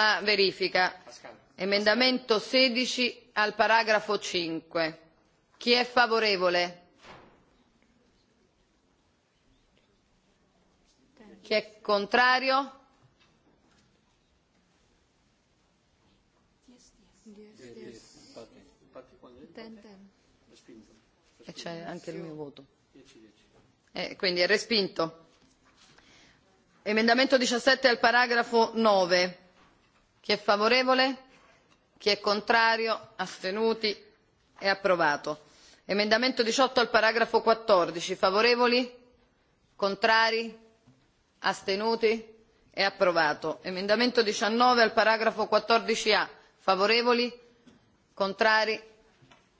una verifica. Emendamento 16 al paragrafo 5. Chi è favorevole? Chi è contrario? E c'è anche il mio voto. Eh, quindi è respinto. Emendamento 17 al paragrafo 9. Chi è favorevole? Chi è contrario? Astenuti? È approvato. Emendamento diciotto al paragrafo quattordici Favorevoli? Contrari? Astenuti? È approvato. Emendamento diciannove al paragrafo quattordici a Favorevoli? Contrari?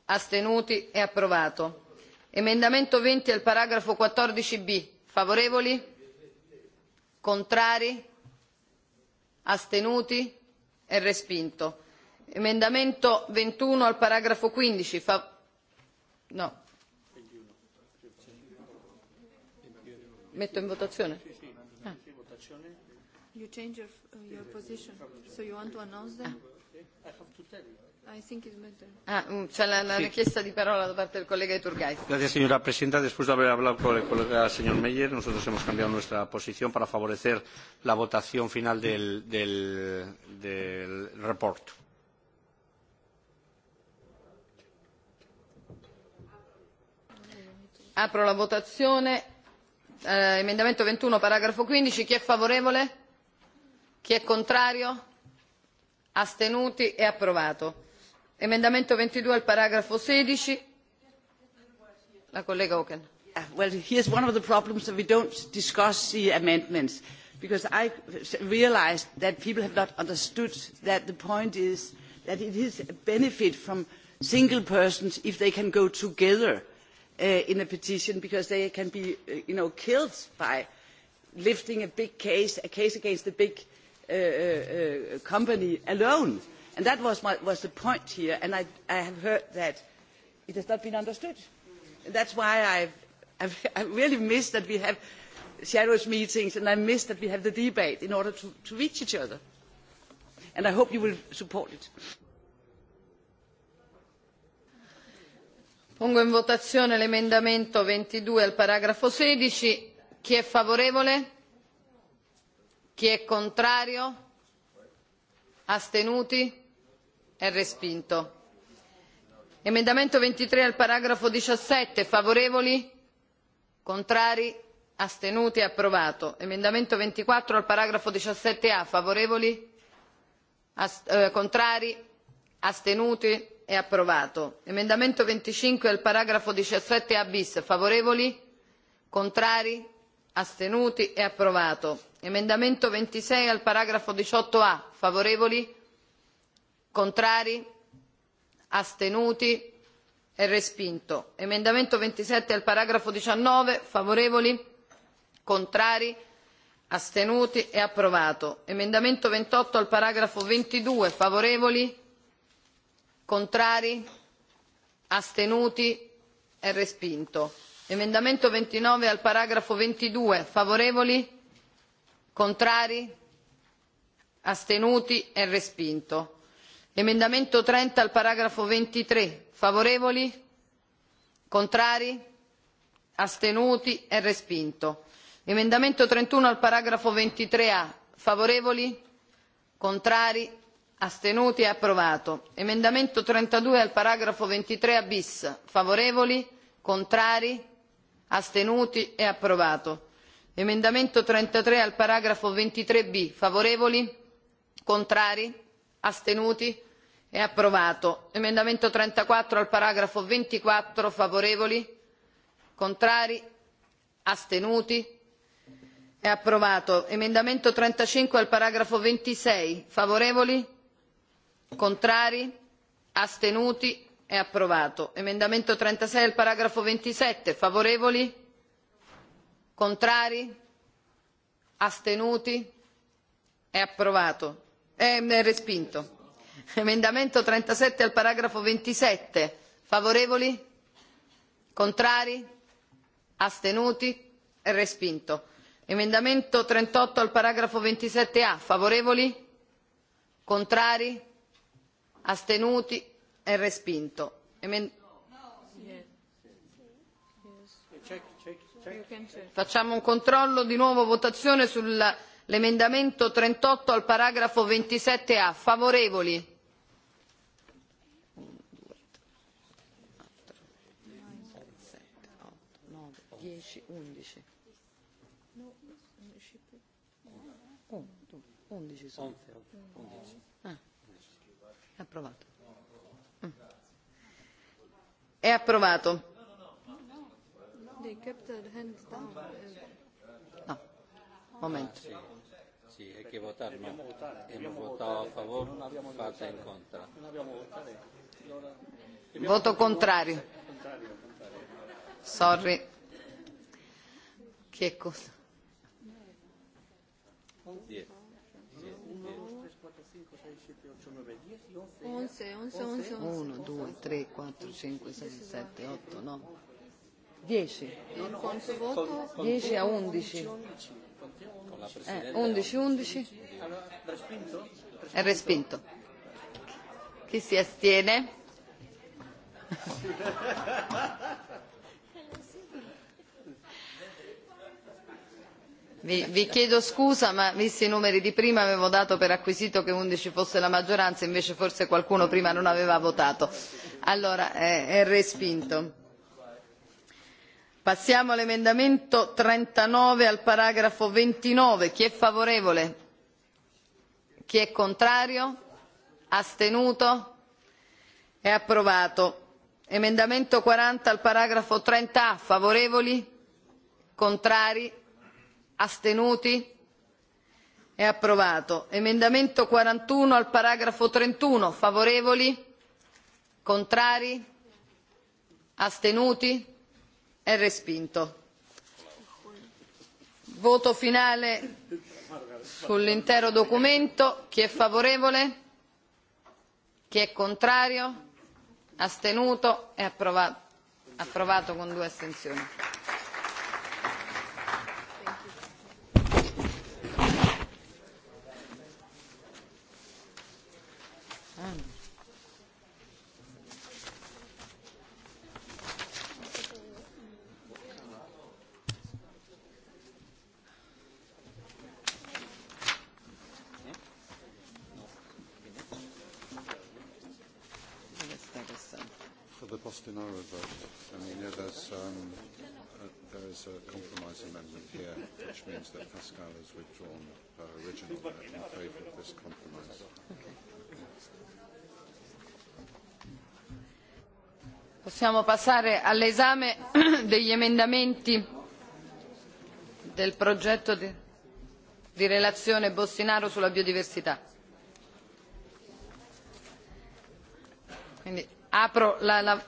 Astenuti? È approvato. Emendamento venti al paragrafo quattordici b Favorevoli? Contrari? Astenuti? è respinto emendamento ventiuno al paragrafo quindici fa... no ah. metto in votazione You change your, uh, your position, so you want to announce them? I ah. have eh, eh, to tell you señora presidenta. Después de haber hablado con el colega señor Meyer, nosotros hemos cambiado nuestra posición para favorecer la votación final del, del, del report. Apro la votazione. Eh, emendamento 21, paragrafo 15. Chi è favorevole? Chi è contrario? Astenuti? y approvato emendamento ventidue al paragrafo sedici la collega auken. well here's one of the problems that we don't discuss the amendments because i realised that people have not understood that the point is that it is a benefit from single persons if they can go together uh, in a petition because they can be uh, you know, killed by lifting a big case a case against a big uh, uh, uh, company alone And that was, my, the point here, and I, I have heard that it has not been understood. And that's why I've, I've, I really miss that we have shadows meetings, and I miss that we have the debate in order to, to reach each other. And I hope you will support it. Pongo in votazione l'emendamento 22 al paragrafo 16. Chi è favorevole? Chi è contrario? Astenuti? è respinto emendamento ventitré al paragrafo diciassette favorevoli contrari astenuti approvato emendamento ventiquattro al paragrafo diciassette a favorevoli eh, contrari astenuti è approvato emendamento venticinque al paragrafo diciassette a bis favorevoli contrari astenuti è approvato emendamento ventisei al paragrafo diciotto a favorevoli contrari astenuti è e respinto emendamento ventisette al paragrafo diciannove favorevoli contrari astenuti è e approvato emendamento ventotto al paragrafo ventidue favorevoli contrari astenuti è e respinto emendamento ventinove al paragrafo ventidue favorevoli contrari astenuti è respinto emendamento trenta al paragrafo ventitré favorevoli contrari astenuti è respinto emendamento trentuno al paragrafo ventitré a favorevoli contrari astenuti è approvato emendamento trentadue al paragrafo ventitré bis favorevoli contrari astenuti è approvato emendamento trentatré al paragrafo ventitré b favorevoli contrari astenuti è approvato emendamento trentaquattro al paragrafo ventiquattro favorevoli contrari astenuti è approvato emendamento trentacinque al paragrafo ventisei favorevoli contrari astenuti è approvato emendamento trentasei al paragrafo ventisette favorevoli contrari astenuti è approvato è respinto emendamento trentasette al paragrafo ventisette favorevoli contrari astenuti è respinto emendamento trentotto al paragrafo ventisette a favorevoli contrari astenuti è respinto Emen facciamo un controllo di nuovo votazione sull'emendamento trentotto al paragrafo ventisette a favorevoli 11 sono. 11. Ah. Approvato. È approvato. Mm. No, momento. Ah, sì. è che votare, ma abbiamo votato a favore, non abbiamo fatto in contra. Voto contrario. Sorry. Che cosa? contro? 10. 5, 6, 7, 8, 9, 10 11. 11, 11, 11. 1, 2, 3, 4, 5, 6, 7, 8, 9. 10. No, no, no con voto. 10 a 11. Eh, 11, 11. È respinto. Chi si astiene? Vi, chiedo scusa ma visti i numeri di prima avevo dato per acquisito che undici fosse la maggioranza invece forse qualcuno prima non aveva votato. allora è, respinto. passiamo all'emendamento trentanove al paragrafo ventinove chi è favorevole? chi è contrario? astenuto? è approvato. emendamento quaranta al paragrafo trenta a favorevoli? contrari? astenuti è approvato emendamento quarantuno al paragrafo trentuno favorevoli contrari astenuti è respinto voto finale sull'intero documento chi è favorevole chi è contrario astenuto è approvato approvato con due astensioni means that Pascal has withdrawn her original vote in favour of this compromise. Possiamo passare all'esame degli emendamenti del progetto di, di relazione Bossinaro sulla biodiversità. Quindi apro la, la...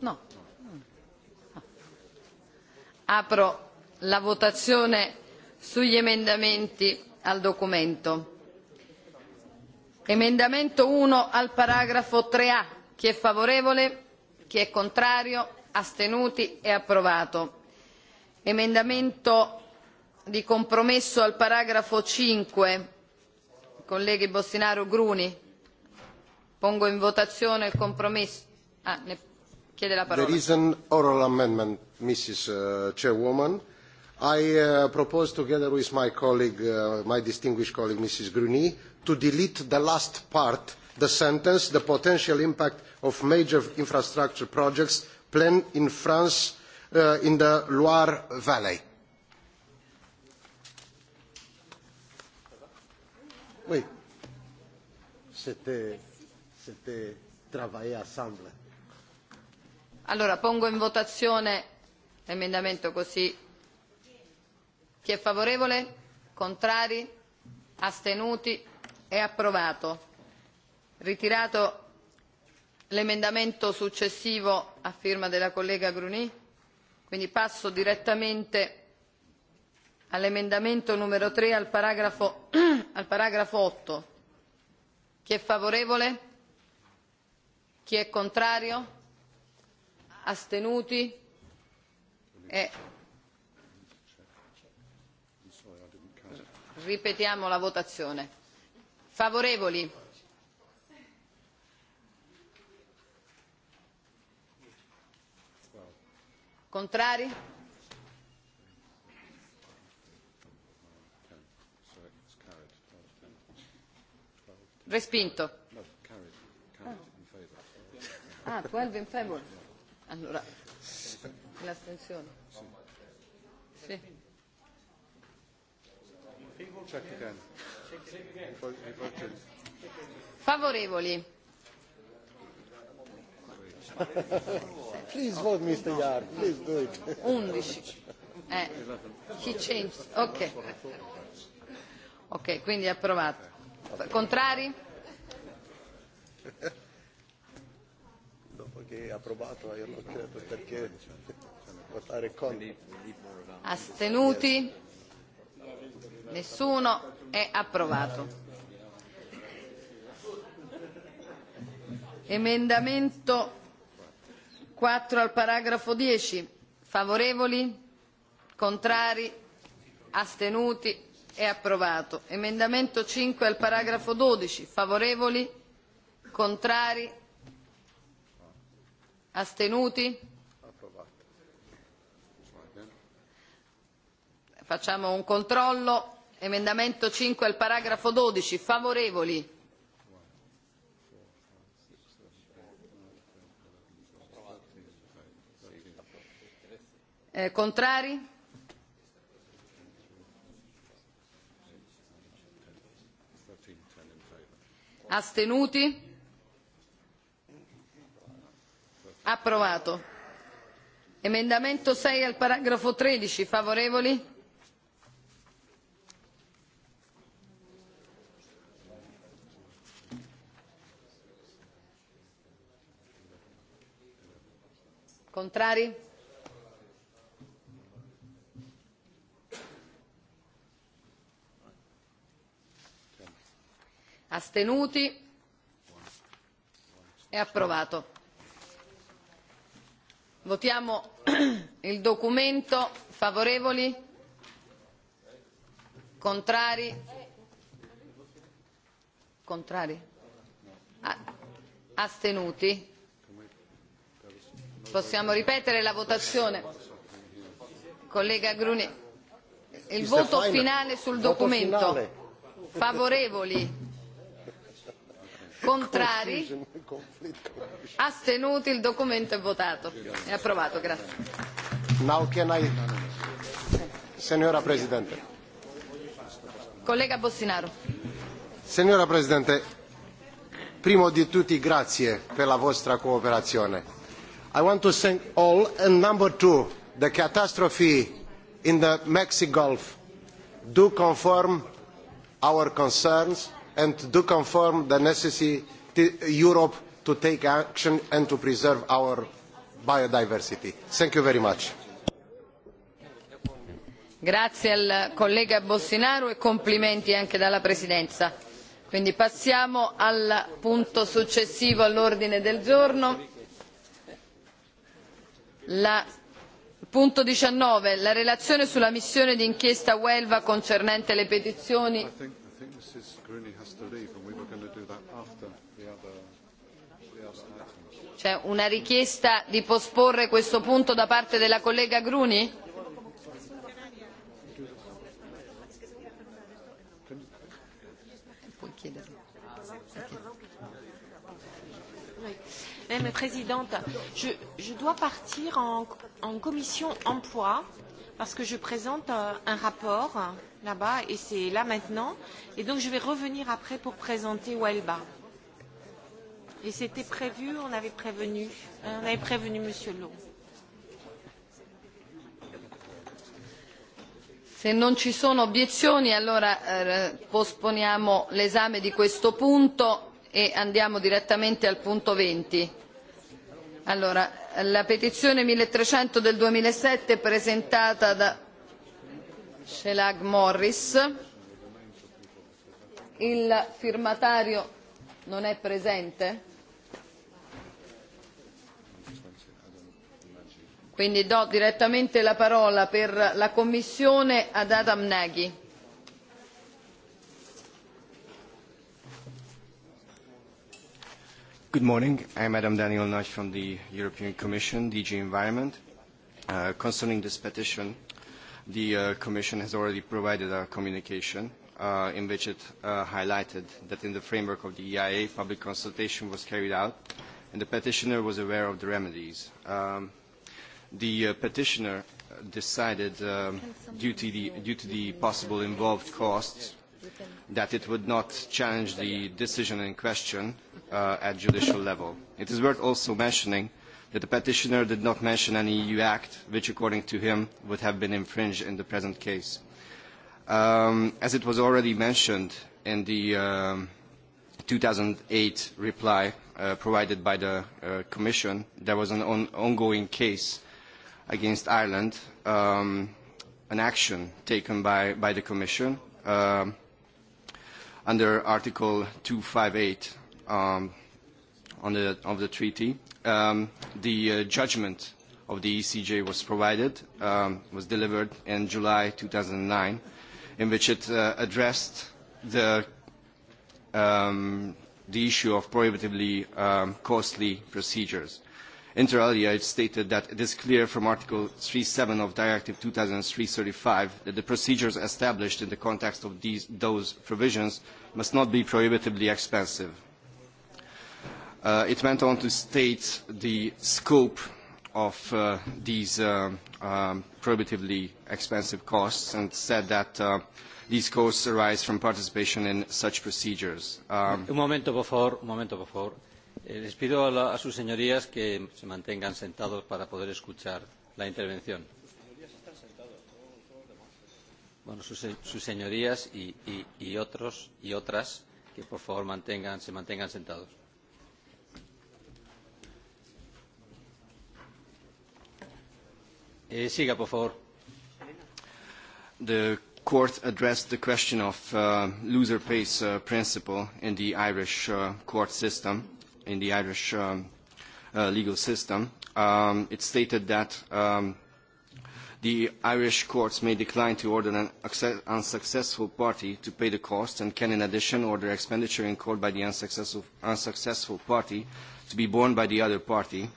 No. No. Apro la votazione sugli emendamenti al documento. Emendamento 1 al paragrafo 3A. Chi è favorevole? Chi è contrario? Astenuti? È approvato. Emendamento di compromesso al paragrafo 5. Colleghi Bossinaro Gruni, pongo in votazione il compromesso. Ah, ne chiede la parola. There is an oral amendment, Mrs. Uh, Chairwoman I uh, propose together with my colleague, uh, my distinguished colleague Mrs. Gruny, to delete the last part, the sentence, the potential impact of major infrastructure projects planned in France uh, in the Loire Valley. Oui. C'était, travailler ensemble. Allora, pongo in votazione l'emendamento così Chi è favorevole? Contrari? Astenuti? È approvato. Ritirato l'emendamento successivo a firma della collega Gruny. Quindi passo direttamente all'emendamento numero 3 al paragrafo, al paragrafo 8. Chi è favorevole? Chi è contrario? Astenuti? È ripetiamo la votazione favorevoli contrari respinto ah, 12 in favor allora l'astensione sì favorevoli please vote Mr. Yard. please do it. 11. Eh, he changed. Ok. Ok, quindi approvato. Contrari? Dopo che è approvato io l'ho chiesto perché votare contro. Astenuti? Nessuno è approvato. Emendamento 4 al paragrafo 10. Favorevoli? Contrari? Astenuti? È approvato. Emendamento 5 al paragrafo 12. Favorevoli? Contrari? Astenuti? Facciamo un controllo emendamento cinque al paragrafo dodici favorevoli eh, contrari astenuti approvato emendamento sei al paragrafo tredici favorevoli contrari astenuti è approvato votiamo il documento favorevoli contrari contrari ah, astenuti Possiamo ripetere la votazione? Collega gruny il voto finale sul documento. Favorevoli? Contrari? Astenuti? Il documento è votato. È approvato, grazie. Now can I... Signora Presidente. Collega Bossinaro. Signora Presidente, prima di tutti grazie per la vostra cooperazione I want to thank all. And number two, the catastrophe in the Mexican Gulf do confirm our concerns and do confirm the necessity to Europe to take action and to preserve our biodiversity. Thank you very much. Grazie al collega Bossinaro e complimenti anche dalla Presidenza. Quindi passiamo al punto successivo all'ordine del giorno La... Punto 19. La relazione sulla missione d'inchiesta Huelva concernente le petizioni. C'è una richiesta di posporre questo punto da parte della collega gruny? Eh, Madame la Présidente, je, je dois partir en, en commission emploi parce que je présente euh, un rapport là-bas et c'est là maintenant. Et donc je vais revenir après pour présenter Welba. Et c'était prévu, on avait prévenu, on avait prévenu Monsieur Long. Se non ci sono obiezioni allora eh, posponiamo l'esame di questo punto e andiamo direttamente al punto 20. la petizione 1300 del duemilasette presentata da Shelag Morris. Il firmatario non è presente? Quindi do direttamente la parola per la Commissione ad Adam Nagy. Good morning. I'm Adam Daniel Nagy from the European Commission, DG Environment. Uh, concerning this petition, the uh, Commission has already provided a communication uh, in which it uh, highlighted that in the framework of the EIA, public consultation was carried out and the petitioner was aware of the remedies. Um, the uh, petitioner decided, um, due, to the, due to the possible involved costs, that it would not challenge the decision in question uh, at judicial level. It is worth also mentioning that the petitioner did not mention any EU act, which according to him would have been infringed in the present case. Um, as it was already mentioned in the um, 2008 reply uh, provided by the uh, Commission, there was an on ongoing case against Ireland, um, an action taken by, by the Commission. Um, under Article 258 um, on the, of the treaty. Um, the uh, judgment of the ECJ was provided, um, was delivered in July 2009, in which it uh, addressed the, um, the issue of prohibitively um, costly procedures. Inter alia, it stated that it is clear from Article 3.7 of Directive 2003-35 that the procedures established in the context of these, those provisions must not be prohibitively expensive. Uh, it went on to state the scope of uh, these uh, um, prohibitively expensive costs and said that uh, these costs arise from participation in such procedures. Um, un momento, por favor, un momento, por favor. Eh, les pido a, sus señorías que se mantengan sentados para poder escuchar la intervención. sus, señorías y, y otros y otras que por favor mantengan, se mantengan sentados. Eh, siga, por favor. The court addressed the question of uh, loser pays uh, principle in the Irish uh, court system in the Irish um, uh, legal system. Um, it stated that um, the Irish courts may decline to order an unsuccessful party to pay the cost and can in addition order expenditure incurred by the unsuccessful, unsuccessful party to be borne by the other party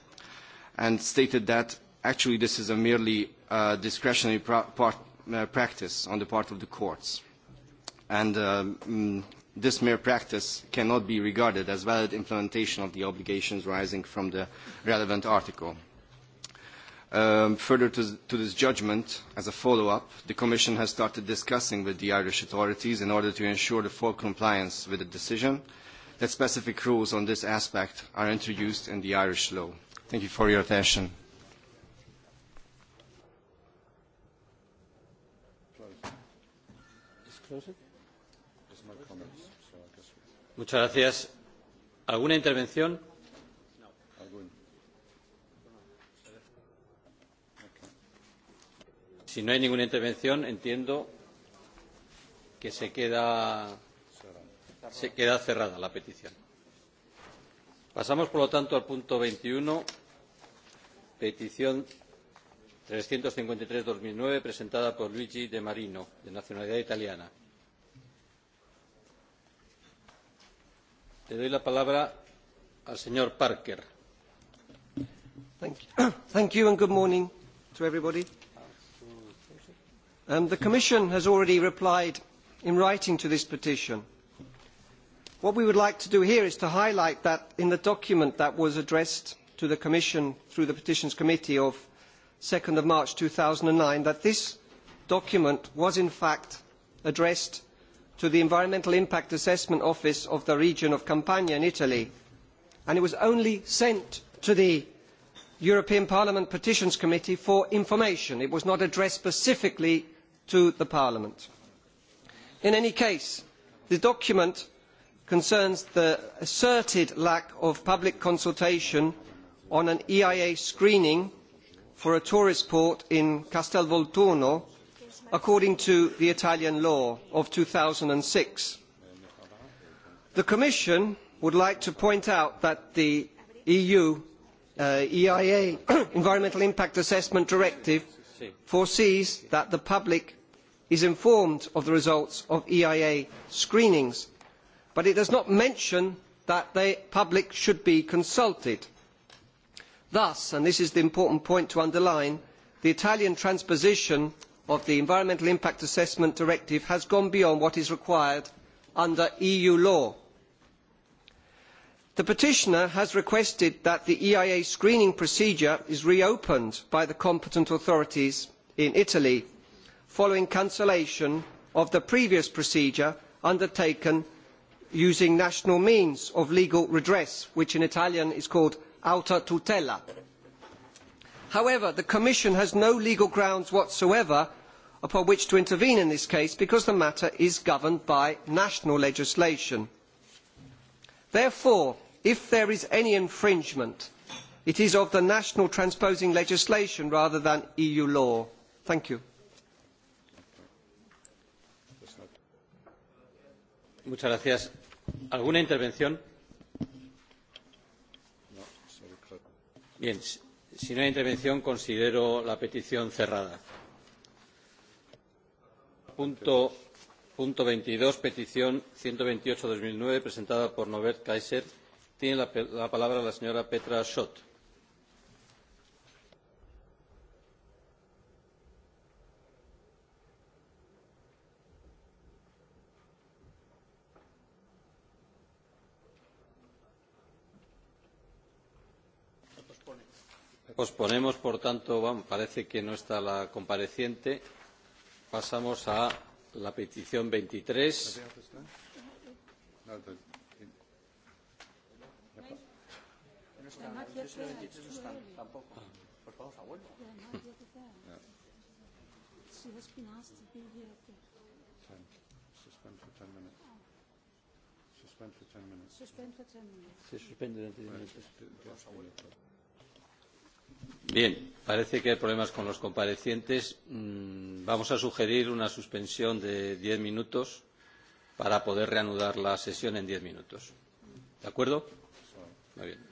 and stated that actually this is a merely uh, discretionary pra part, uh, practice on the part of the courts. And um, this mere practice cannot be regarded as valid implementation of the obligations arising from the relevant article. Um, further to, to, this judgment, as a follow-up, the Commission has started discussing with the Irish authorities in order to ensure the full compliance with the decision that specific rules on this aspect are introduced in the Irish law. Thank you for your attention. Close. Muchas gracias. ¿Alguna intervención? No. Si no hay ninguna intervención, entiendo que se queda, se queda cerrada la petición. Pasamos, por lo tanto, al punto 21, petición 353-2009, presentada por Luigi De Marino, de nacionalidad italiana good morning to everybody. Um, the Commission has already replied in writing to this petition. What we would like to do here is to highlight that in the document that was addressed to the Commission through the Petitions Committee of 2nd of March 2009, that this document was in fact addressed to the environmental impact assessment office of the region of campania in italy and it was only sent to the european parliament petitions committee for information. it was not addressed specifically to parliament. in any case the document concerns the asserted lack of public consultation on an eia screening for a tourist port in castelvolturno according to the Italian law of 2006. The Commission would like to point out that the EU uh, EIA Environmental Impact Assessment Directive foresees that the public is informed of the results of EIA screenings, but it does not mention that the public should be consulted. Thus, and this is the important point to underline, the Italian transposition of the environmental impact assessment directive has gone beyond what is required under eu law. the petitioner has requested that the eia screening procedure is reopened by the competent authorities in italy following cancellation of the previous procedure undertaken using national means of legal redress which in italian is called auto tutela. however the commission has no legal grounds whatsoever upon which to intervene in this case because the matter is governed by national legislation. therefore if there is any infringement it is of the national transposing legislation rather than eu law. thank you. alguna intervención? No, Bien, si no hay intervención considero la petición cerrada. Punto, punto 22, petición 128-2009, presentada por Norbert Kaiser. Tiene la, la palabra la señora Petra Schott. posponemos por tanto vamos, parece que no está la compareciente. Pasamos a la petición 23. Suspend for 10 minutes. Suspend for 10 minutes. Se suspende durante 10 minutos. Bien, parece que hay problemas con los comparecientes. Mm, vamos a sugerir una suspensión de diez minutos para poder reanudar la sesión en diez minutos. ¿De acuerdo? Muy bien.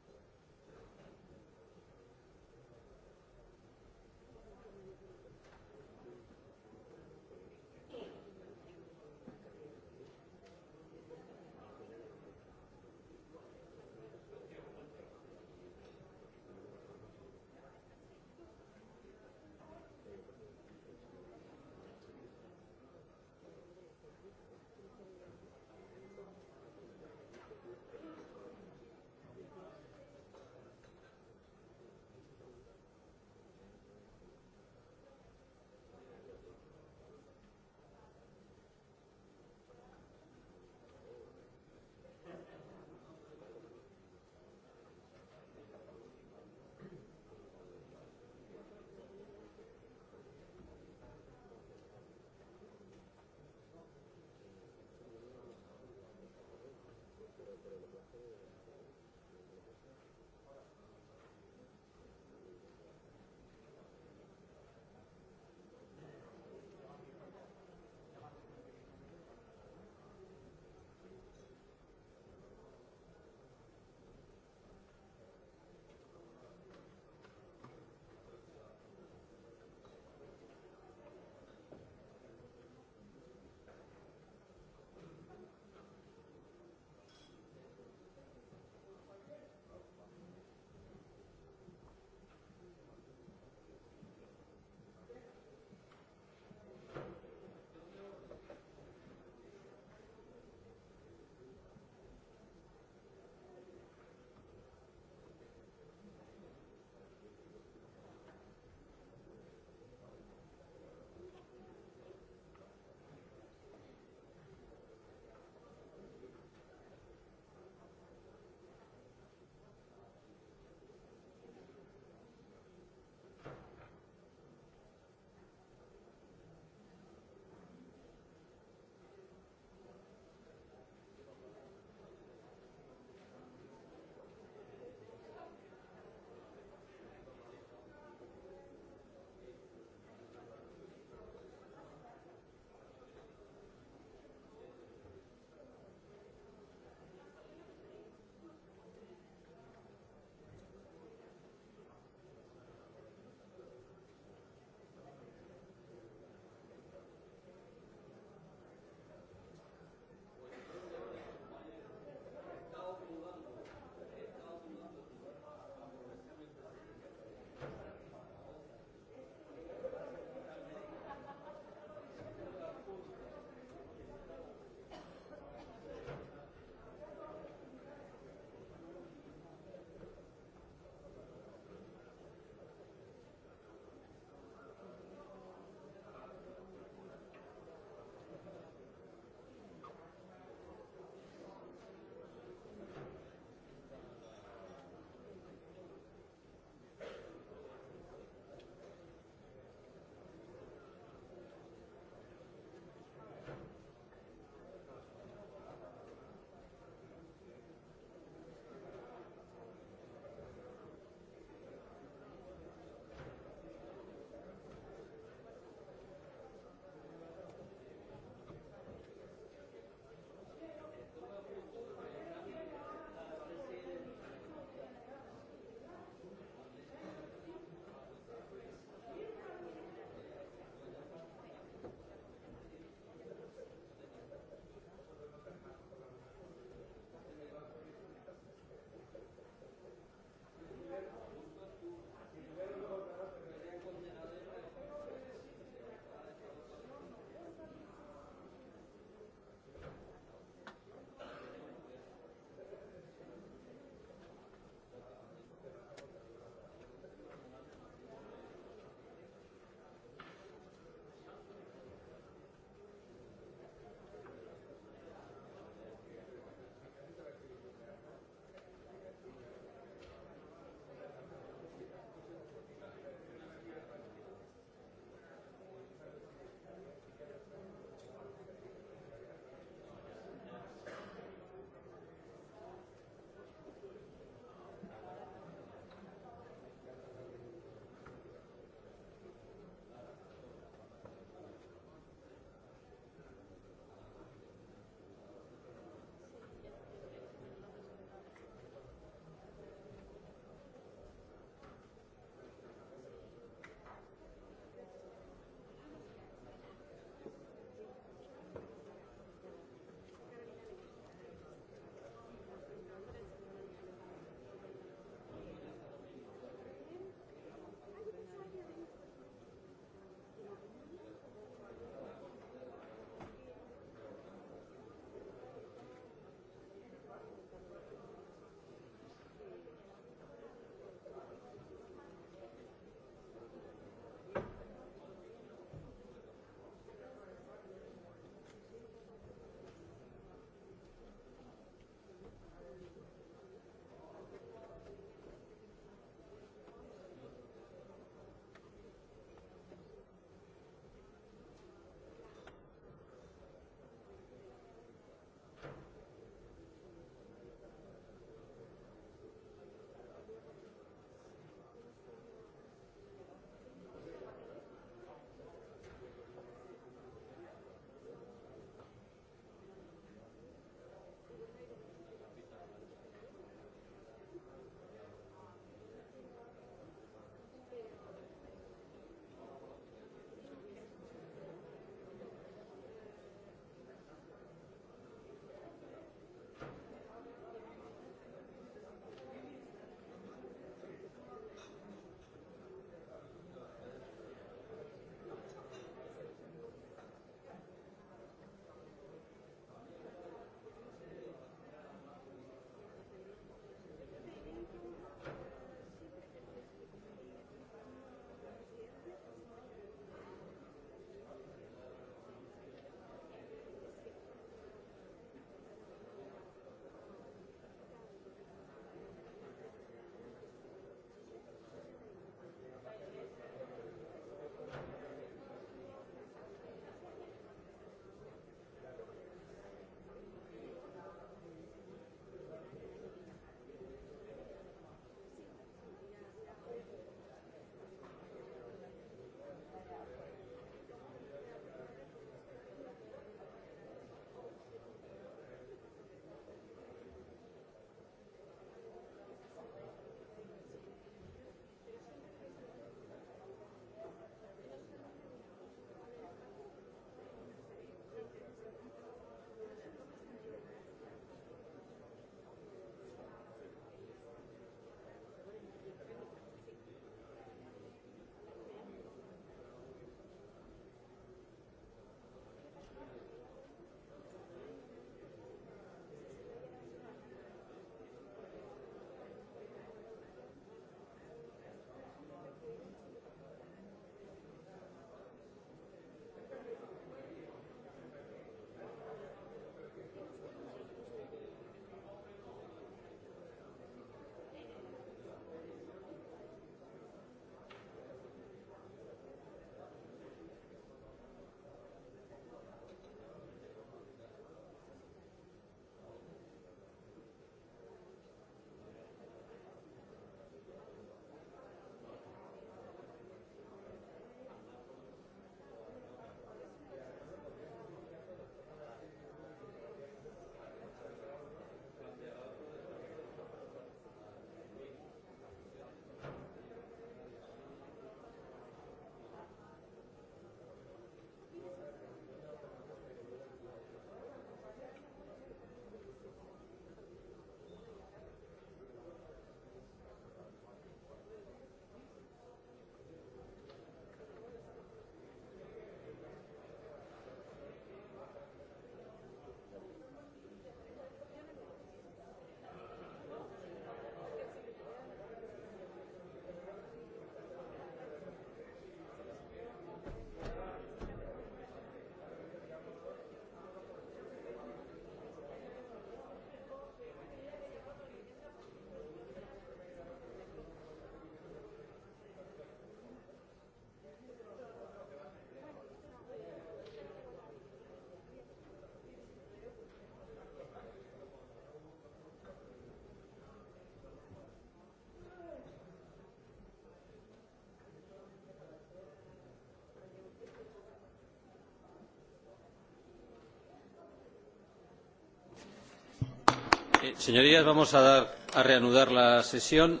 señorías vamos a, reanudar la sesión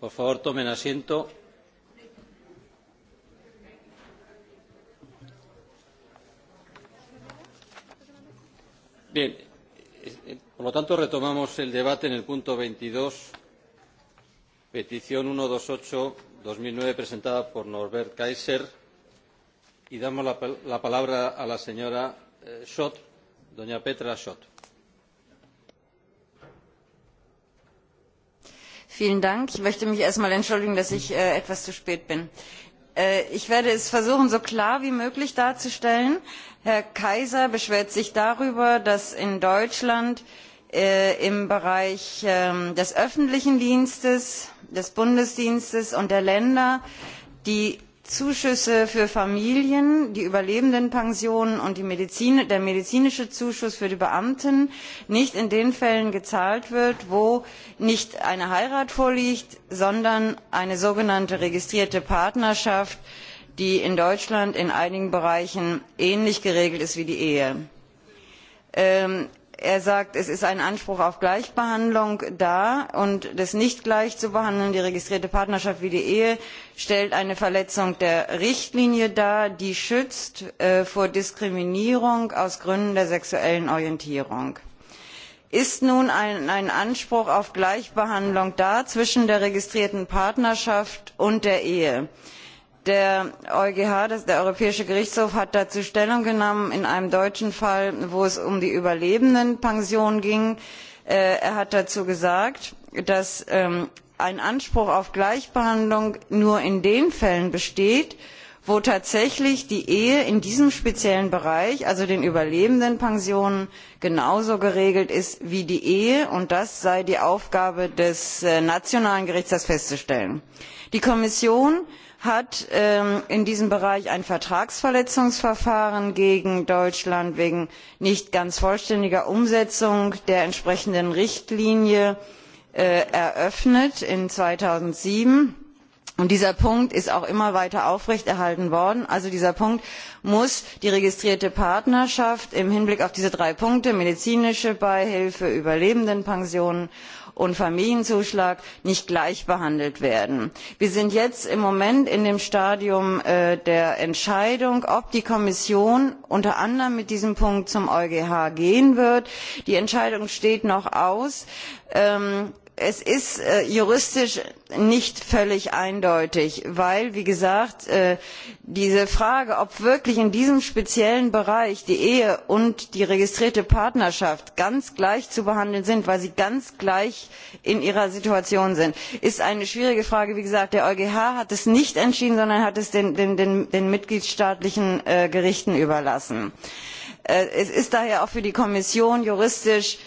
por favor tomen asiento. Bien, eh, por lo tanto retomamos el debate en el punto veintidós petición ciento dos mil nueve presentada por norbert kaiser y damos la, la palabra a la señora eh, schott doña petra schott. Vielen Dank. Ich möchte mich erst einmal entschuldigen, dass ich äh, etwas zu spät bin. Äh, ich werde es versuchen, so klar wie möglich darzustellen. Herr Kaiser beschwert sich darüber, dass in Deutschland äh, im Bereich ähm, des öffentlichen Dienstes, des Bundesdienstes und der Länder die zuschüsse für familien die überlebendenpensionen und der medizinische zuschuss für die beamten nicht in den fällen gezahlt wird wo nicht eine heirat vorliegt sondern eine sogenannte registrierte partnerschaft die in deutschland in einigen bereichen ähnlich geregelt ist wie die ehe. Ähm, er sagt es ist ein anspruch auf gleichbehandlung da und das nicht gleich zu behandeln die registrierte partnerschaft wie die ehe stellt eine verletzung der richtlinie dar die schützt äh, vor diskriminierung aus gründen der sexuellen orientierung. ist nun ein, ein anspruch auf gleichbehandlung da zwischen der registrierten partnerschaft und der ehe? der eugh der europäische gerichtshof hat dazu stellung genommen in einem deutschen fall wo es um die überlebendenpension ging. Äh, er hat dazu gesagt dass ähm, ein anspruch auf gleichbehandlung nur in den fällen besteht wo tatsächlich die ehe in diesem speziellen bereich also den überlebendenpensionen genauso geregelt ist wie die ehe und das sei die aufgabe des äh, nationalen gerichts das festzustellen. die kommission hat ähm, in diesem bereich ein vertragsverletzungsverfahren gegen deutschland wegen nicht ganz vollständiger umsetzung der entsprechenden richtlinie äh, eröffnet im jahr. zweitausendsieben und dieser punkt ist auch immer weiter aufrechterhalten worden. also dieser punkt muss die registrierte partnerschaft im hinblick auf diese drei punkte medizinische beihilfe überlebendenpensionen und familienzuschlag nicht gleich behandelt werden. wir sind jetzt im moment in dem stadium äh, der entscheidung ob die kommission unter anderem mit diesem punkt zum eugh gehen wird. die entscheidung steht noch aus. Ähm, es ist äh, juristisch nicht völlig eindeutig weil wie gesagt äh, diese frage ob wirklich in diesem speziellen bereich die ehe und die registrierte partnerschaft ganz gleich zu behandeln sind weil sie ganz gleich in ihrer situation sind ist eine schwierige frage. wie gesagt der eugh hat es nicht entschieden sondern hat es den, den mitgliedstaatlichen äh, gerichten überlassen. es ist daher auch für die kommission juristisch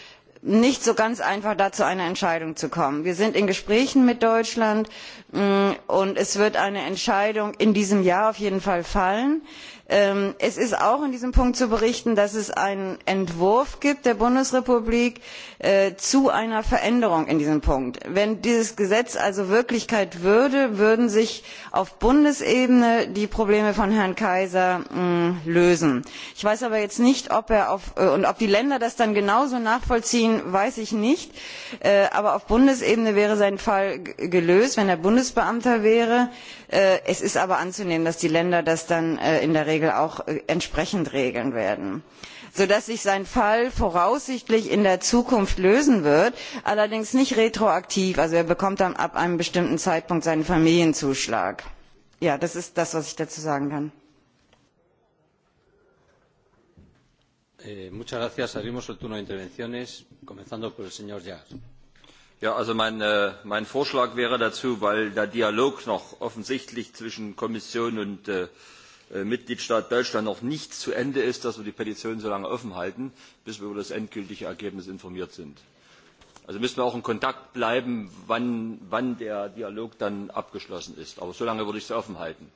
nicht so ganz einfach zu einer entscheidung zu kommen. wir sind in gesprächen mit deutschland mm, und es wird eine entscheidung in diesem jahr auf jeden fall fallen. Ähm, es ist auch in diesem punkt zu berichten dass es einen entwurf der bundesrepublik gibt. Äh, zu einer veränderung in diesem punkt. wenn dieses gesetz also wirklichkeit würde würden sich auf bundesebene die probleme von herrn Kaiser mm, lösen. ich weiß aber jetzt nicht ob er äh, und ob die länder das dann genauso nachvollziehen weiß ich nicht äh, aber auf bundesebene wäre sein fall gelöst wenn er bundesbeamter wäre. es ist aber anzunehmen dass die länder das dann in der regel auch entsprechend regeln werden so dass sich sein fall voraussichtlich in der zukunft lösen wird allerdings nicht retroaktiv also er bekommt dann ab einem bestimmten zeitpunkt seinen familienzuschlag. das ist das was ich dazu sagen kann. Eh, eh, mein, Vorschlag wäre dazu, weil der Dialog noch offensichtlich zwischen Kommission und eh, Äh, Mitgliedstaat Deutschland noch nicht zu Ende ist, dass wir die Petition so lange offen halten, bis wir über das endgültige Ergebnis informiert sind. Also müssen wir auch in Kontakt bleiben, wann, der Dialog dann abgeschlossen ist. Aber so lange würde ich sie offen halten.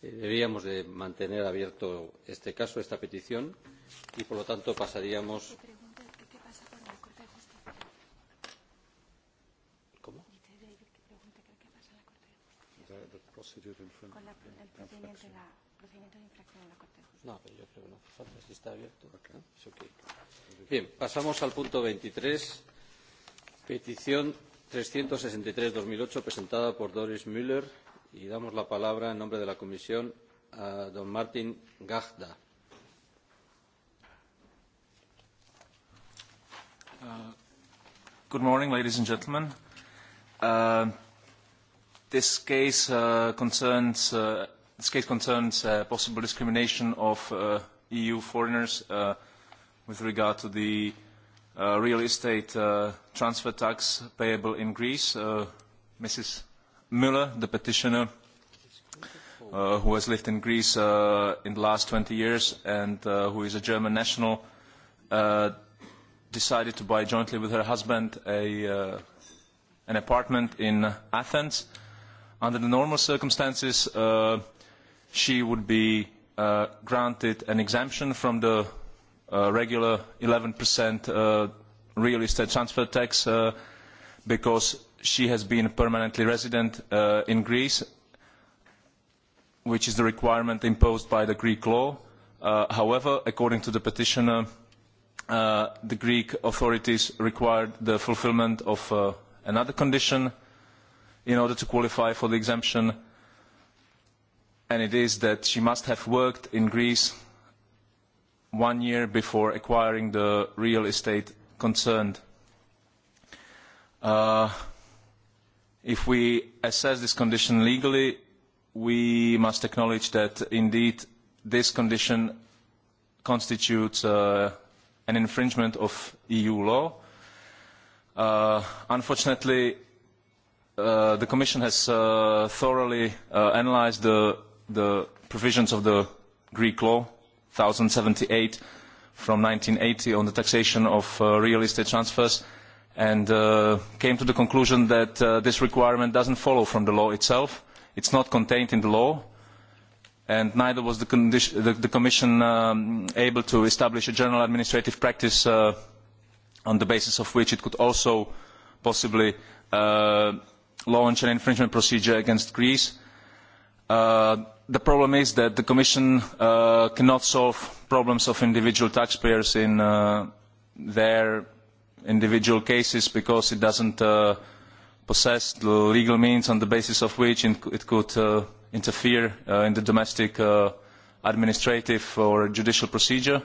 Eh, deberíamos de mantener abierto este caso, esta petición, y por lo tanto pasaríamos. ¿Cómo? Con la, el procedimiento de la procedimiento de infracción en la Corte de Justicia. No, pero yo creo que no hace falta si está abierto. Okay. okay. Bien, pasamos al punto 23. Petición 363-2008 presentada por Doris Müller y damos la palabra en nombre de la Comisión a don Martin Gajda. Uh, good morning, ladies and gentlemen. Uh, this case uh, concerns uh, this case concerns uh, possible discrimination of uh, EU foreigners uh, with regard to the uh, real estate uh, transfer tax payable in Greece. Uh, Mrs. Müller, the petitioner, uh, who has lived in Greece uh, in the last 20 years and uh, who is a German national, uh, decided to buy jointly with her husband a, uh, an apartment in Athens. Under the normal circumstances, uh, she would be uh, granted an exemption from the uh, regular 11% uh, real estate transfer tax uh, because she has been permanently resident uh, in Greece, which is the requirement imposed by the Greek law. Uh, however, according to the petitioner, uh, the Greek authorities required the fulfilment of uh, another condition in order to qualify for the exemption, and it is that she must have worked in Greece one year before acquiring the real estate concerned. Uh, If we assess this condition legally, we must acknowledge that indeed this condition constitutes uh, an infringement of EU law. Uh, unfortunately, uh, the Commission has uh, thoroughly uh, analyzed the, the provisions of the Greek law, 1078 from 1980 on the taxation of uh, real estate transfers, uh, and uh, came to the conclusion that uh, this requirement doesn't follow from the law itself. It's not contained in the law, and neither was the, Commission um, able to establish a general administrative practice uh, on the basis of which it could also possibly launch an infringement procedure against Greece. the problem is that the Commission cannot solve problems of individual taxpayers in their individual cases because it doesn't uh, possess the legal means on the basis of which it could uh, interfere uh, in the domestic uh, administrative or judicial procedure.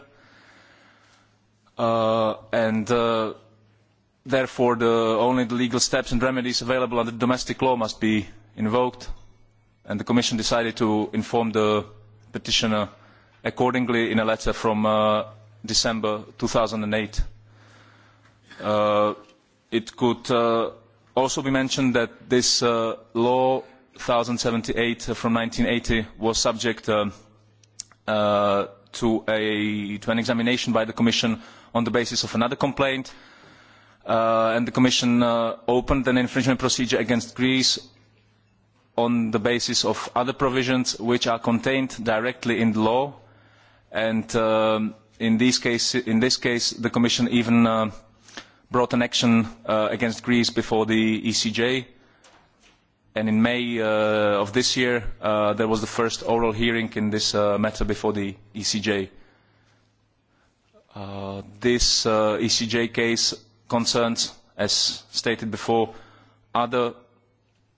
Uh, and uh, therefore, the, only the legal steps and remedies available under domestic law must be invoked. And the Commission decided to inform the petitioner accordingly in a letter from uh, December 2008. Uh, it could uh, also be mentioned that this uh, law one thousand and seventy eight from one thousand nine hundred and eighty was subject um, to, a, to an examination by the Commission on the basis of another complaint, uh, and the Commission uh, opened an infringement procedure against Greece on the basis of other provisions which are contained directly in the law, and um, in, case, in, this case the Commission even uh, brought an action uh, against Greece before the ECJ. And in May uh, of this year, uh, there was the first oral hearing in this uh, matter before the ECJ. Uh, this uh, ECJ case concerns, as stated before, other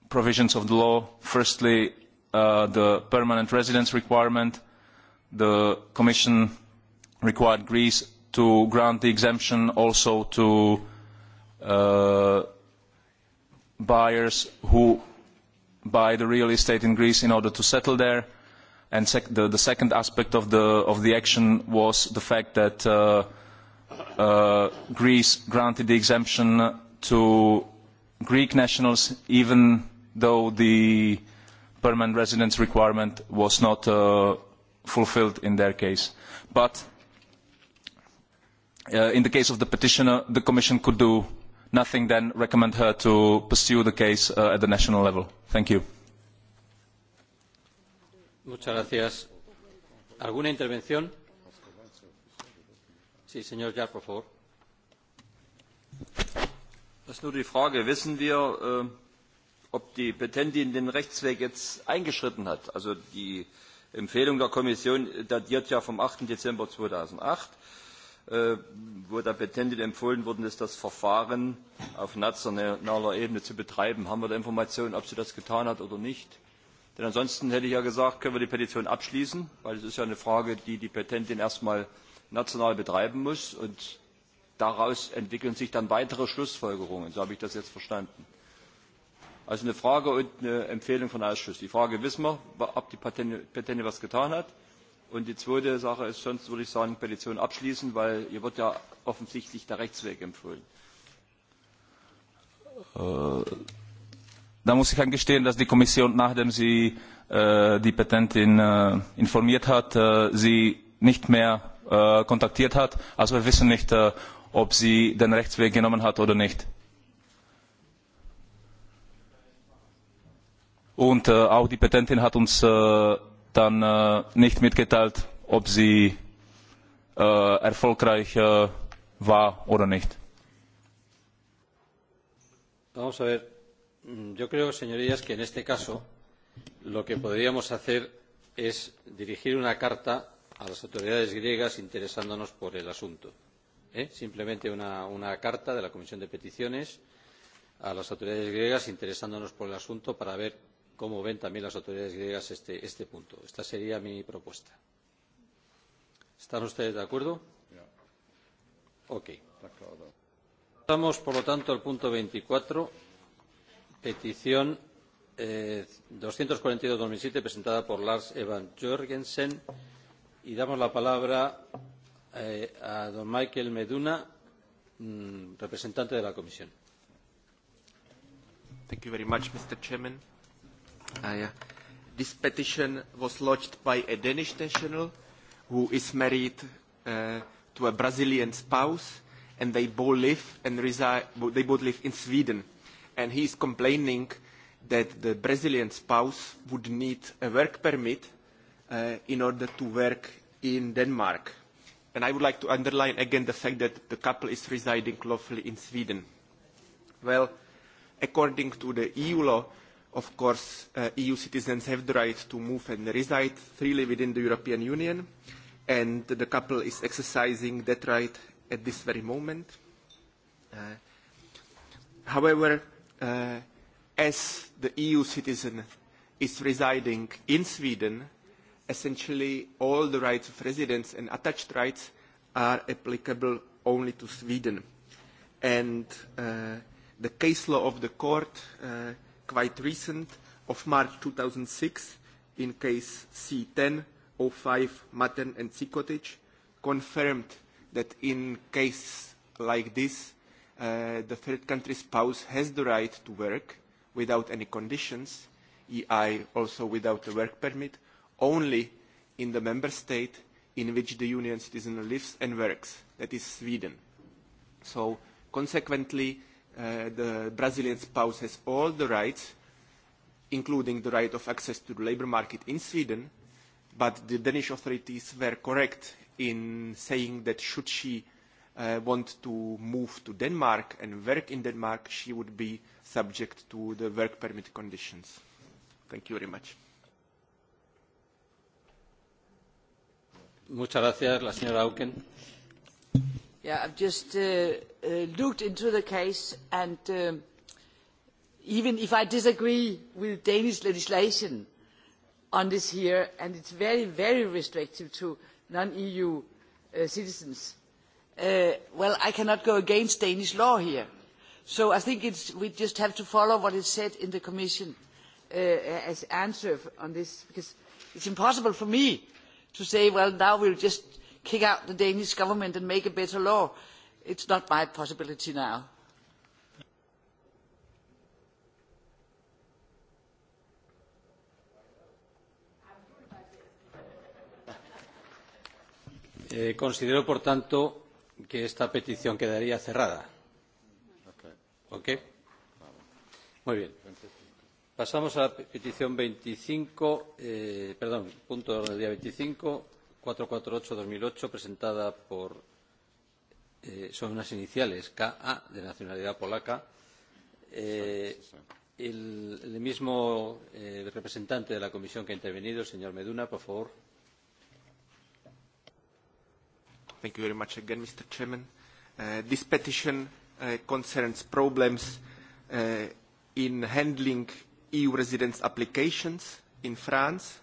provisions of the law. Firstly, uh, the permanent residence requirement. The Commission required Greece to grant the exemption also to uh, buyers who buy the real estate in Greece in order to settle there. And sec the, the second aspect of the, of the action was the fact that uh, uh, Greece granted the exemption to Greek nationals even though the permanent residence requirement was not uh, fulfilled in their case. But Uh, in the case of the petitioner, the Commission could do nothing than recommend her to pursue the case uh, at the national level. Thank you. Das ist nur die Frage, wissen wir, äh, ob die Petentin den Rechtsweg jetzt eingeschritten hat? Also die Empfehlung der Kommission datiert ja vom 8. Dezember 2008 Äh, wo der Petentin empfohlen worden ist, das Verfahren auf nationaler Ebene zu betreiben. Haben wir da Informationen, ob sie das getan hat oder nicht? Denn ansonsten hätte ich ja gesagt, können wir die Petition abschließen, weil es ist ja eine Frage, die die Petentin erstmal national betreiben muss und daraus entwickeln sich dann weitere Schlussfolgerungen. So habe ich das jetzt verstanden. Also eine Frage und eine Empfehlung von Ausschuss. Die Frage wissen wir, ob die Petentin was getan hat. Und die zweite Sache ist, sonst würde ich sagen, Petition abschließen, weil ihr wird ja offensichtlich der Rechtsweg empfohlen. Äh, da muss ich eingestehen, dass die Kommission, nachdem sie äh, die Petentin äh, informiert hat, äh, sie nicht mehr äh, kontaktiert hat. Also wir wissen nicht, äh, ob sie den Rechtsweg genommen hat oder nicht. Und äh, auch die Petentin hat uns äh, dann äh, eh, nicht mitgeteilt, ob sie äh, erfolgreich äh, war oder nicht. Vamos a ver. Yo creo, señorías, que en este caso lo que podríamos hacer es dirigir una carta a las autoridades griegas interesándonos por el asunto. ¿Eh? Simplemente una, una carta de la Comisión de Peticiones a las autoridades griegas interesándonos por el asunto para ver cómo ven también las autoridades griegas este, este punto. Esta sería mi propuesta. ¿Están ustedes de acuerdo? No. Ok. Pasamos, por lo tanto, al punto 24, petición eh, 242-2007, presentada por Lars Evan Jorgensen. Y damos la palabra eh, a don Michael Meduna, mm, representante de la Comisión. Thank you very much, Mr. Chairman. Uh, this petition was lodged by a Danish national who is married uh, to a Brazilian spouse and they both live and reside, they both live in Sweden. And he is complaining that the Brazilian spouse would need a work permit uh, in order to work in Denmark. And I would like to underline again the fact that the couple is residing lawfully in Sweden. Well, according to the EU law, of course, uh, EU citizens have the right to move and reside freely within the European Union, and the couple is exercising that right at this very moment. Uh, however, uh, as the EU citizen is residing in Sweden, essentially all the rights of residence and attached rights are applicable only to Sweden. And uh, the case law of the court uh, quite recent, of March 2006 in case C1005 Matten and Cottage, confirmed that in case like this, uh, the third country spouse has the right to work without any conditions, EI also without a work permit, only in the member state in which the union citizen lives and works, that is Sweden. So consequently, Uh, the Brazilian spouse has all the rights, including the right of access to the labor market in Sweden, but the Danish authorities were correct in saying that should she uh, want to move to Denmark and work in Denmark, she would be subject to the work permit conditions. Thank you very much. Muchas gracias, la señora Auken. Yeah, I've just uh, uh, looked into the case, and um, even if I disagree with Danish legislation on this here, and it is very, very restrictive to non-EU uh, citizens, well, I cannot go against Danish law here. So I think we just have to follow what is said in the Commission uh, as answer on this, because it is impossible for me to say, well, now we will just kick out the Danish government and make a better law. It's not my possibility now. Eh, considero, por tanto, que esta petición quedaría cerrada. ¿Ok? Muy bien. Pasamos a la petición 25, eh, perdón, punto del día 25, cuatrocientos cuarenta y ocho dos mil ocho eh, son unas iniciales ka de nacionalidad polaca eh, el, mismo eh, representante de la comisión que ha intervenido el señor Meduna por favor Thank you very much again Mr Chairman uh, this petition uh, concerns problems uh, in handling EU residence applications in France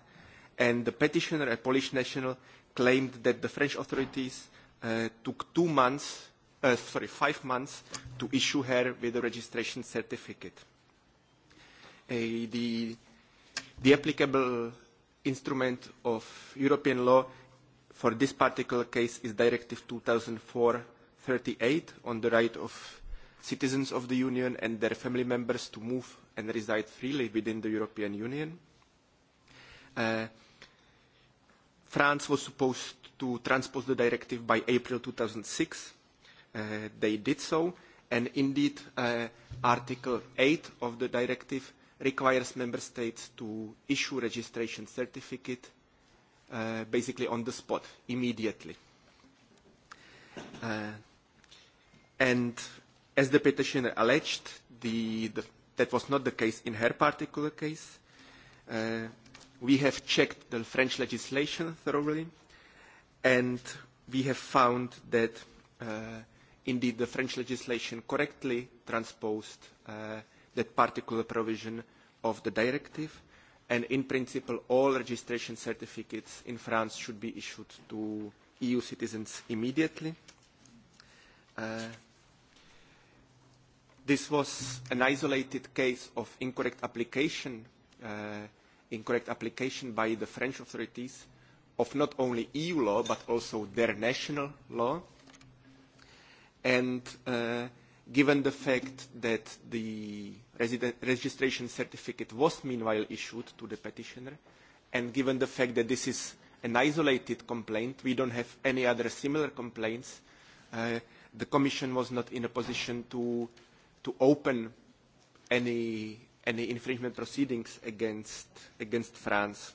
and the petitioner, a Polish national, claimed that the French authorities uh, took two months, uh, sorry, five months to issue her with a registration certificate. the, the applicable instrument of European law for this particular case is Directive 2004-38 on the right of citizens of the Union and their family members to move and reside freely within the European Union. Uh, France was supposed to transpose the directive by April 2006. Uh, they did so, and indeed uh, Article 8 of the directive requires member states to issue registration certificate uh, basically on the spot, immediately. Uh, and as the petitioner alleged, the, the, that was not the case in her particular case. Uh, We have checked the French legislation thoroughly, and we have found that uh, indeed the French legislation correctly transposed uh, that particular provision of the directive, and in principle all registration certificates in France should be issued to EU citizens immediately. Uh, this was an isolated case of incorrect application uh, incorrect application by the French authorities of not only EU law but also their national law. And uh, given the fact that the registration certificate was meanwhile issued to the petitioner, and given the fact that this is an isolated complaint, we don't have any other similar complaints, uh, the Commission was not in a position to, to open any any infringement proceedings against, against France.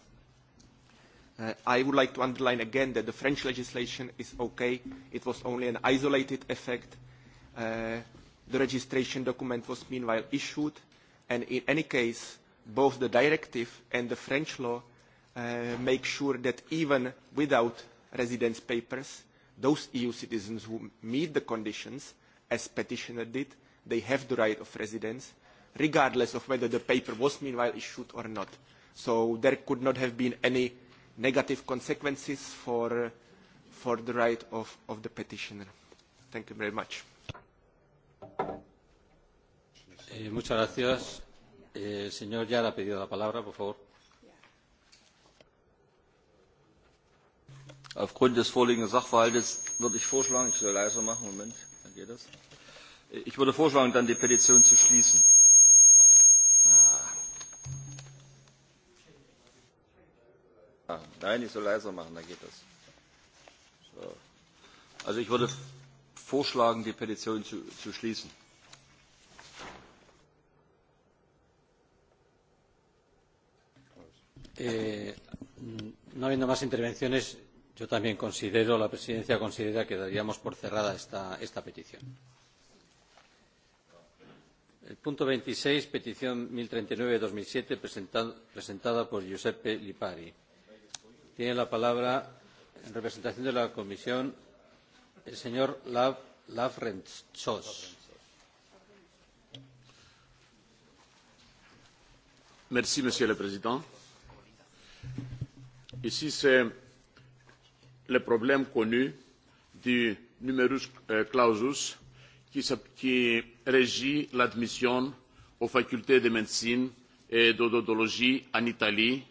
Uh, I would like to underline again that the French legislation is okay. It was only an isolated effect. Uh, the registration document was meanwhile issued, and in any case, both the directive and the French law uh, make sure that even without residence papers, those EU citizens who meet the conditions, as petitioner did, they have the right of residence, regardless of whether the paper was meanwhile issued or not. So there could not have been any negative consequences for, for the right of, of the petitioner. Thank you very much. Eh, muchas gracias. Eh, señor Yar ha pedido la palabra, por favor. Aufgrund des vorliegenden Sachverhaltes würde ich vorschlagen, ich soll leiser machen, Moment, dann geht das. Eh, ich würde vorschlagen, dann die Petition zu schließen. Ah, nein, ich soll leiser machen, dann geht das. So. Also ich würde vorschlagen, die Petition zu, zu schließen. Eh, no habiendo más intervenciones, yo también considero, la presidencia considera que daríamos por cerrada esta, esta petición. El punto 26, petición 1039 de 2007, presenta, presentada por Giuseppe Lipari tiene la palabra en representación de la comisión el señor Lav, Lavrentzos. Merci, monsieur le président ici c'est le problème connu du numerus euh, clausus qui, qui régit l'admission aux facultés de médecine et d'odontologie en italie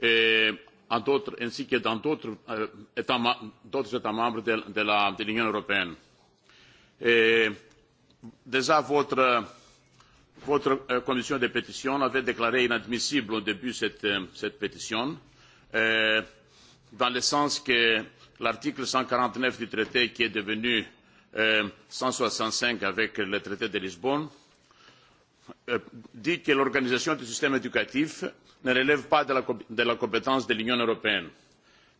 et d'autres, ainsi que dans d'autres euh, États, États membres de, de la, de l'Union européenne. Et déjà, votre, votre commission des pétitions avait déclaré inadmissible au début cette, cette pétition, euh, dans le sens que l'article 149 du traité qui est devenu euh, 165 avec le traité de Lisbonne, Euh, dit que l'organisation du système éducatif ne relève pas de la, de la compétence de l'Union européenne.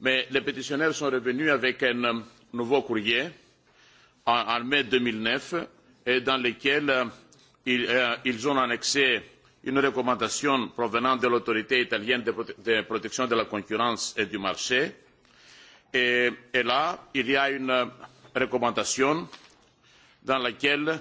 Mais les pétitionnaires sont revenus avec un euh, nouveau courrier en, en mai 2009 et dans lequel euh, ils, euh, ils ont annexé une recommandation provenant de l'autorité italienne de, prote de protection de la concurrence et du marché. Et, et là, il y a une recommandation dans laquelle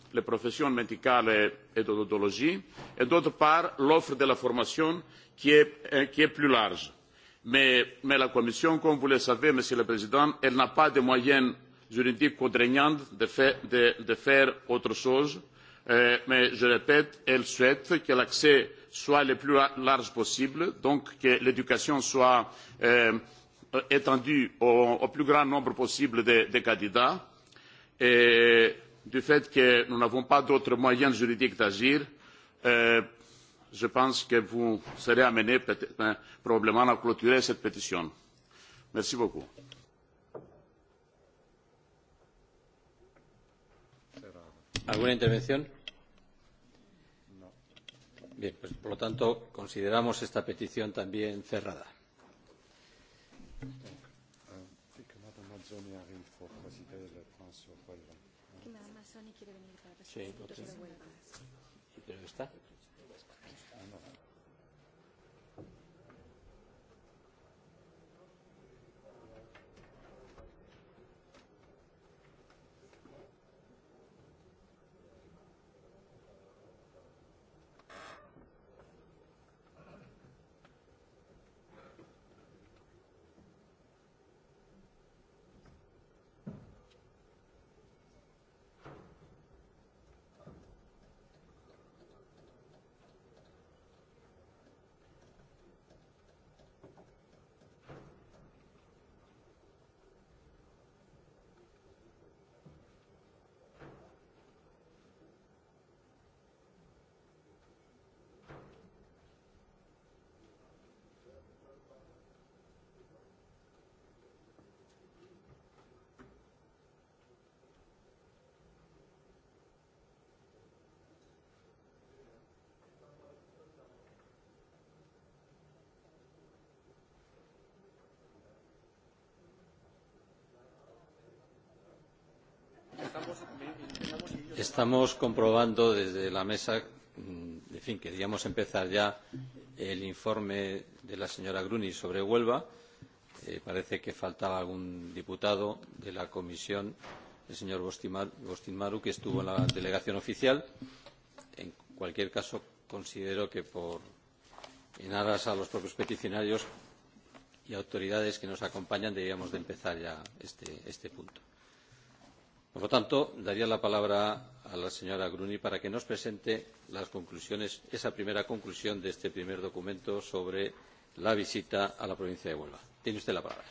les professions médicales et d'odontologie, et d'autre part l'offre de la formation qui est, euh, qui est plus large. Mais, mais la Commission, comme vous le savez, Monsieur le Président, elle n'a pas de moyens juridiques contraignants de, fait, de, de faire autre chose. Euh, mais je répète, elle souhaite que l'accès soit le plus large possible, donc que l'éducation soit euh, étendue au, au plus grand nombre possible de, de candidats. Et du fait que nous n'avons pas d'autres moyens juridiques d'agir, euh, je pense que vous serez amené probablement à clôturer cette pétition. Merci beaucoup. ¿Alguna intervención? Bien, pues por lo tanto consideramos esta petición también cerrada. say, estamos comprobando desde la mesa mm, en fin, queríamos empezar ya el informe de la señora Gruny sobre Huelva. Eh, parece que faltaba algún diputado de la comisión, el señor Bostinmaru, que estuvo en la delegación oficial. En cualquier caso, considero que por, en aras a los propios peticionarios y autoridades que nos acompañan, debíamos de empezar ya este, este punto. Por lo tanto, daría la palabra a la señora gruny para que nos presente las conclusiones, esa primera conclusión de este primer documento sobre la visita a la provincia de Huelva. Tiene usted la palabra.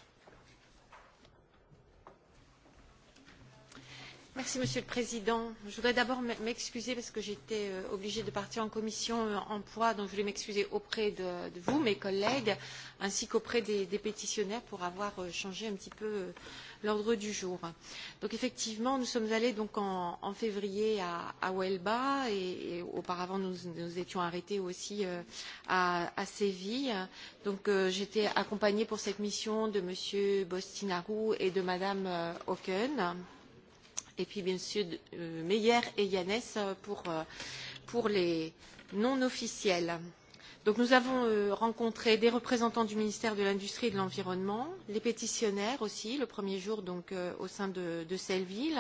Merci, Monsieur le Président. Je voudrais d'abord m'excuser parce que j'étais euh, obligée de partir en commission emploi, euh, donc je voulais m'excuser auprès de, de vous, mes collègues, ainsi qu'auprès des, des pétitionnaires pour avoir euh, changé un petit peu euh, l'ordre du jour. Donc effectivement, nous sommes allés donc en, en février à, à Huelva et, et auparavant nous nous étions arrêtés aussi euh, à, à Séville. Donc euh, j'étais accompagnée pour cette mission de Monsieur Bostinarou et de Madame euh, et puis bien sûr euh, Meyer et Yannès pour, euh, pour les non officiels. Donc nous avons euh, rencontré des représentants du ministère de l'Industrie et de l'Environnement, les pétitionnaires aussi, le premier jour donc euh, au sein de, de Selleville.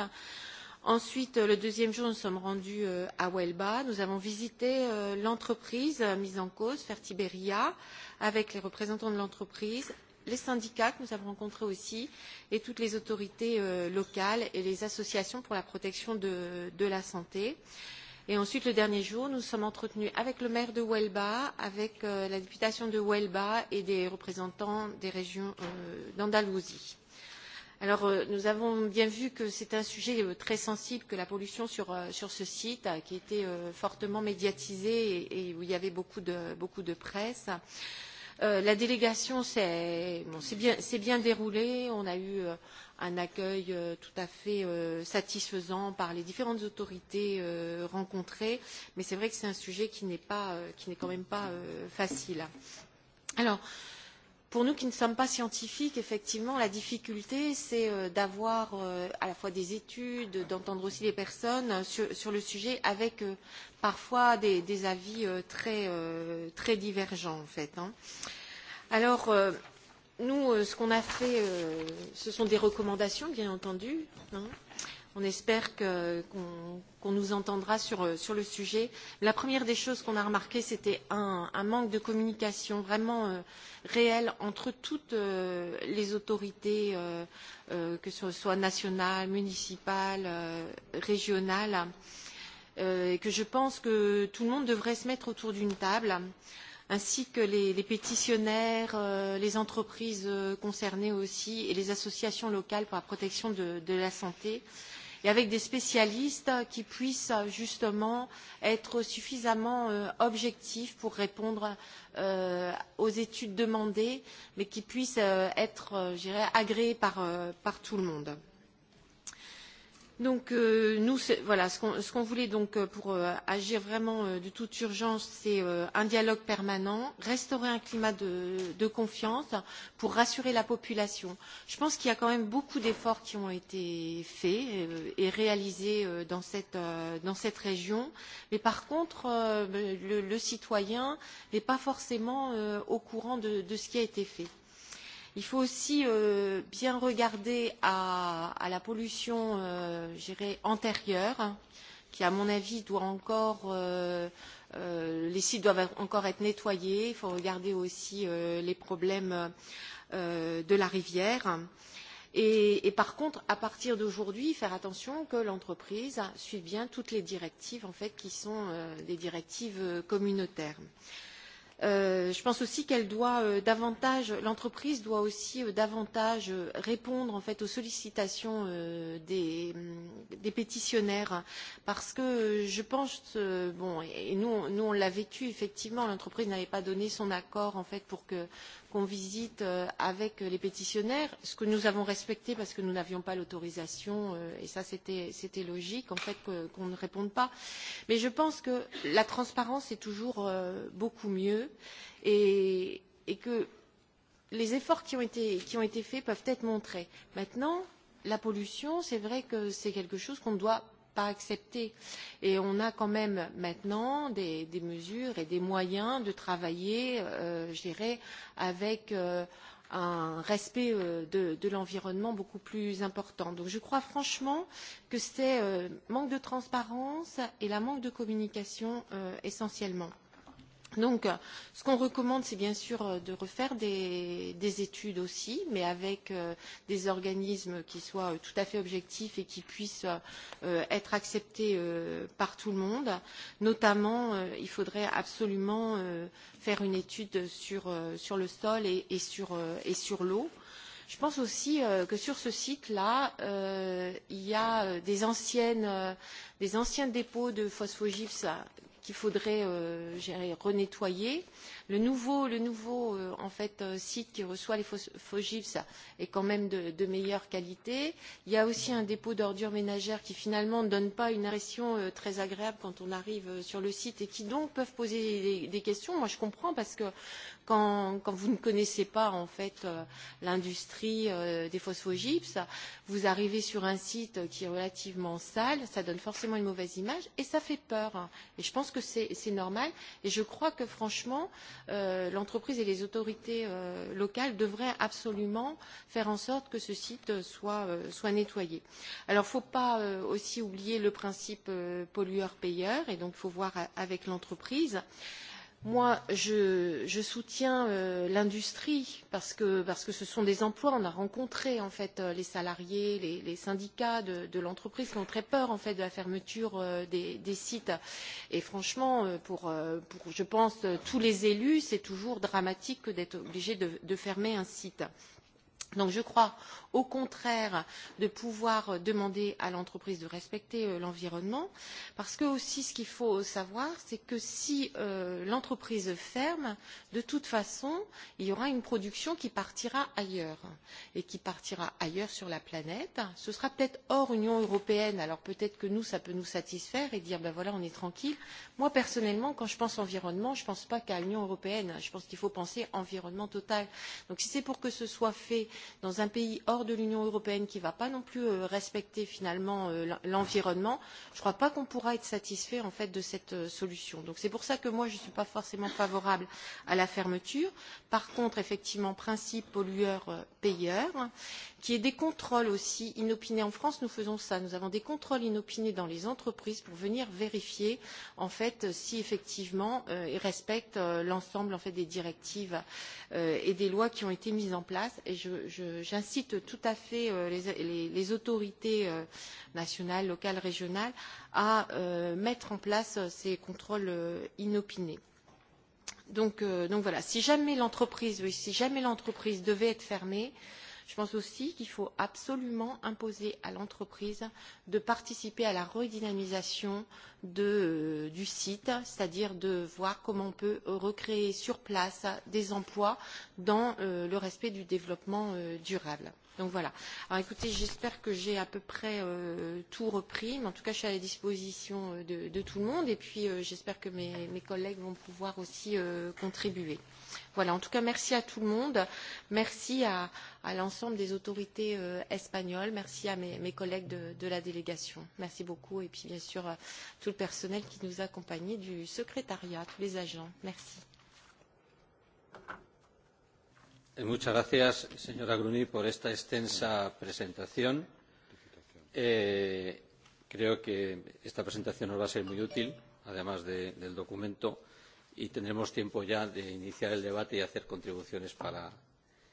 Ensuite, euh, le deuxième jour, nous sommes rendus euh, à Huelba. Nous avons visité euh, l'entreprise euh, mise en cause, Fertiberia, avec les représentants de l'entreprise, les syndicats que nous avons rencontrés aussi, et toutes les autorités euh, locales et les associations pour la protection de, de la santé. Euh, et ensuite, le dernier jour, nous nous sommes entretenus avec le maire de Huelva, avec euh, la députation de Huelva et des représentants des régions euh, d'Andalousie. Euh, nous avons bien vu que c'est un sujet très sensible que la pollution sur, ce site, qui a été fortement médiatisé et, où il y avait beaucoup de, presse. la délégation s'est bien, déroulée. On a eu un accueil euh, tout à fait euh, satisfaisant par les différentes autorités euh, rencontrées, mais c'est vrai que c'est un sujet qui n'est pas, qui n'est quand même pas facile. Alors, pour nous qui ne sommes pas scientifiques, effectivement, la difficulté, c'est d'avoir à la fois des études, d'entendre aussi les personnes sur, sur le sujet, avec parfois des, des avis très, très divergents, en fait. Alors, Alors, nous, euh, ce qu'on a fait, euh, ce sont des recommandations, bien entendu. On espère qu'on qu, qu nous entendra sur, euh, sur le sujet. La première des choses qu'on a remarquées, c'était un, un manque de communication vraiment euh, réel entre toutes euh, les autorités, euh, euh, que ce soit nationales, municipales, euh, régionales, euh, et que je pense que tout le monde devrait se mettre autour d'une table. Euh, ainsi que les, les pétitionnaires, euh, les entreprises euh, concernées aussi et les associations locales pour la protection de, de la santé et avec des spécialistes qui puissent justement être suffisamment euh, objectifs pour répondre euh, aux études demandées, mais qui puissent être, agréés par, par tout le monde. Donc euh, nous, voilà, ce qu'on qu voulait donc euh, pour euh, agir vraiment euh, de toute urgence, c'est euh, un dialogue permanent, restaurer un climat de, de confiance pour rassurer la population. Je pense qu'il y a quand même beaucoup d'efforts qui ont été faits euh, et réalisés euh, dans, cette, euh, dans cette région, mais par contre, euh, le, le citoyen n'est pas forcément euh, au courant de, de ce qui a été fait. Il faut aussi euh, bien regarder à, à la pollution euh, antérieure, qui, à mon avis, doit encore. Euh, euh, les sites doivent encore être nettoyés. Il faut regarder aussi euh, les problèmes euh, de la rivière. Et, et par contre, à partir d'aujourd'hui, faire attention que l'entreprise suive bien toutes les directives en fait, qui sont euh, des directives euh, communautaires. Euh, Euh, je pense aussi qu'elle doit euh, davantage, l'entreprise doit aussi euh, davantage répondre en fait aux sollicitations mm, des, pétitionnaires parce que je pense, bon, et nous, nous on l'a vécu effectivement, l'entreprise n'avait pas donné son accord en fait pour que qu'on visite euh, avec les pétitionnaires, ce que nous avons respecté parce que nous n'avions pas l'autorisation, euh, et ça c'était logique en fait qu'on ne réponde pas. Mais je pense que la transparence est toujours euh, beaucoup mieux et, que les efforts qui ont, été, qui ont été faits peuvent être montrés. Maintenant, la pollution, c'est vrai que c'est quelque chose qu'on ne doit pas accepté. Et on a quand même maintenant des, des mesures et des moyens de travailler, euh, je dirais, avec euh, un respect euh, de, de l'environnement beaucoup plus important. Donc je crois franchement que c'est euh, manque de transparence et la manque de communication euh, essentiellement Donc, euh, ce qu'on recommande, c'est bien sûr euh, de refaire des, des études aussi, mais avec euh, des organismes qui soient tout à fait objectifs et qui puissent être acceptés par tout le monde. Notamment, il faudrait absolument faire une étude sur, sur le sol et, et sur, et sur l'eau. Je pense aussi que sur ce site-là, il y a des, anciennes, des anciens dépôts de phosphogypse qu'il faudrait euh, renettoyer. Euh, le nouveau, le nouveau euh, en fait, euh, site qui reçoit les FOGIPS est quand même de, de meilleure qualité. Il y a aussi un dépôt d'ordures ménagères qui finalement ne donne pas une impression euh, très agréable quand on arrive euh, sur le site et qui donc peuvent poser des, des questions. Moi je comprends parce que quand, quand vous ne connaissez pas en fait euh, l'industrie euh, des phosphogypses, vous arrivez sur un site qui est relativement sale, ça donne forcément une mauvaise image et ça fait peur. Et je pense que c'est normal et je crois que franchement, euh, Euh, l'entreprise et les autorités euh, locales devraient absolument faire en sorte que ce site soit, euh, soit nettoyé. Alors il ne faut pas euh, aussi oublier le principe euh, pollueur-payeur et donc il faut voir euh, avec l'entreprise. Euh, Moi, je, je soutiens euh, l'industrie parce que, parce que ce sont des emplois. On a rencontré en fait euh, les salariés, les, les syndicats de, de l'entreprise qui ont très peur en fait de la fermeture euh, des, des sites. Et franchement, euh, pour, euh, pour je pense tous les élus, c'est toujours dramatique d'être obligé de, de fermer un site. Donc je crois au contraire de pouvoir euh, demander à l'entreprise de respecter euh, l'environnement parce que aussi ce qu'il faut savoir c'est que si euh, l'entreprise ferme de toute façon il y aura une production qui partira ailleurs et qui partira ailleurs sur la planète ce sera peut-être hors Union européenne alors peut-être que nous ça peut nous satisfaire et dire ben voilà on est tranquille moi personnellement quand je pense environnement je ne pense pas qu'à Union européenne je pense qu'il faut penser environnement total donc si c'est pour que ce soit fait dans un pays hors de l'Union européenne qui ne va pas non plus euh, respecter finalement euh, l'environnement, je ne crois pas qu'on pourra être satisfait en fait de cette euh, solution. Donc c'est pour cela que moi je ne suis pas forcément favorable à la fermeture. Par contre, effectivement, principe pollueur-payeur qu'il y ait des contrôles aussi inopinés. En France, nous faisons cela Nous avons des contrôles inopinés dans les entreprises pour venir vérifier en fait si effectivement elles euh, respectent euh, l'ensemble des directives euh, et des lois qui ont été mises en place. Et j'incite tout à fait les, autorités nationales, locales, régionales à mettre en place ces contrôles inopinés. Donc, voilà, si jamais l'entreprise, devait être fermée, Je pense aussi qu'il faut absolument imposer à l'entreprise de participer à la redynamisation euh, du site, c'est-à-dire de voir comment on peut recréer sur place des emplois dans euh, le respect du développement euh, durable. j'espère que j'ai à peu près tout repris, mais en tout cas, je suis à la disposition de, tout le monde et puis j'espère que mes, collègues vont pouvoir aussi contribuer. Voilà, en tout cas, merci à tout le monde. Merci à, à l'ensemble des autorités euh, espagnoles. Merci à mes, mes collègues de, de la délégation. Merci beaucoup. Et puis, bien sûr, à euh, tout le personnel qui nous accompagnait du secrétariat, tous les agents. Merci. Eh, muchas gracias, señora Gruny, por esta extensa presentación. Eh, creo que esta presentación nos va a ser muy útil, además de, del documento y tendremos tiempo ya de iniciar el debate y hacer contribuciones para,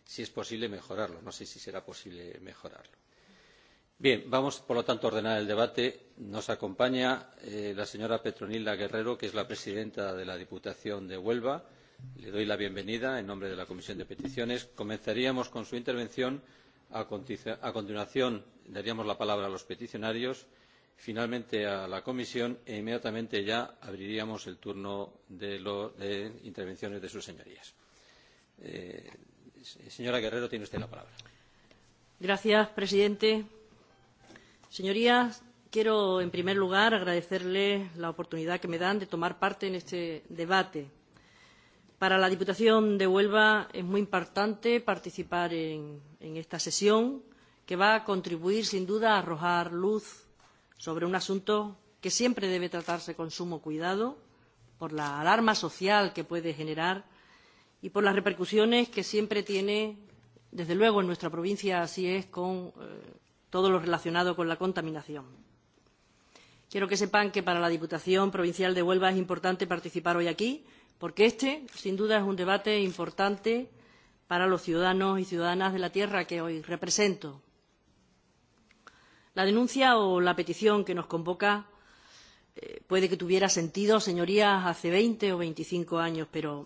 si es posible, mejorarlo. No sé si será posible mejorarlo. Bien, vamos, por lo tanto, a ordenar el debate. Nos acompaña eh, la señora Petronila Guerrero, que es la presidenta de la Diputación de Huelva. Le doy la bienvenida en nombre de la Comisión de Peticiones. Comenzaríamos con su intervención. A, continu a continuación, daríamos la palabra a los peticionarios finalmente a la comisión e inmediatamente ya abriríamos el turno de, intervenciones de sus señorías. Eh, señora Guerrero, tiene usted la palabra. Gracias, presidente. Señorías, quiero en primer lugar agradecerles la oportunidad que me dan de tomar parte en este debate. Para la Diputación de Huelva es muy importante participar en, en esta sesión que va a contribuir sin duda a arrojar luz sobre un asunto que siempre debe tratarse con sumo cuidado por la alarma social que puede generar y por las repercusiones que siempre tiene, desde luego en nuestra provincia así es, con eh, todo lo relacionado con la contaminación. Quiero que sepan que para la Diputación Provincial de Huelva es importante participar hoy aquí, porque este, sin duda, es un debate importante para los ciudadanos y ciudadanas de la tierra que hoy represento, La denuncia o la petición que nos convoca eh, puede que tuviera sentido, señorías, hace 20 o 25 años, pero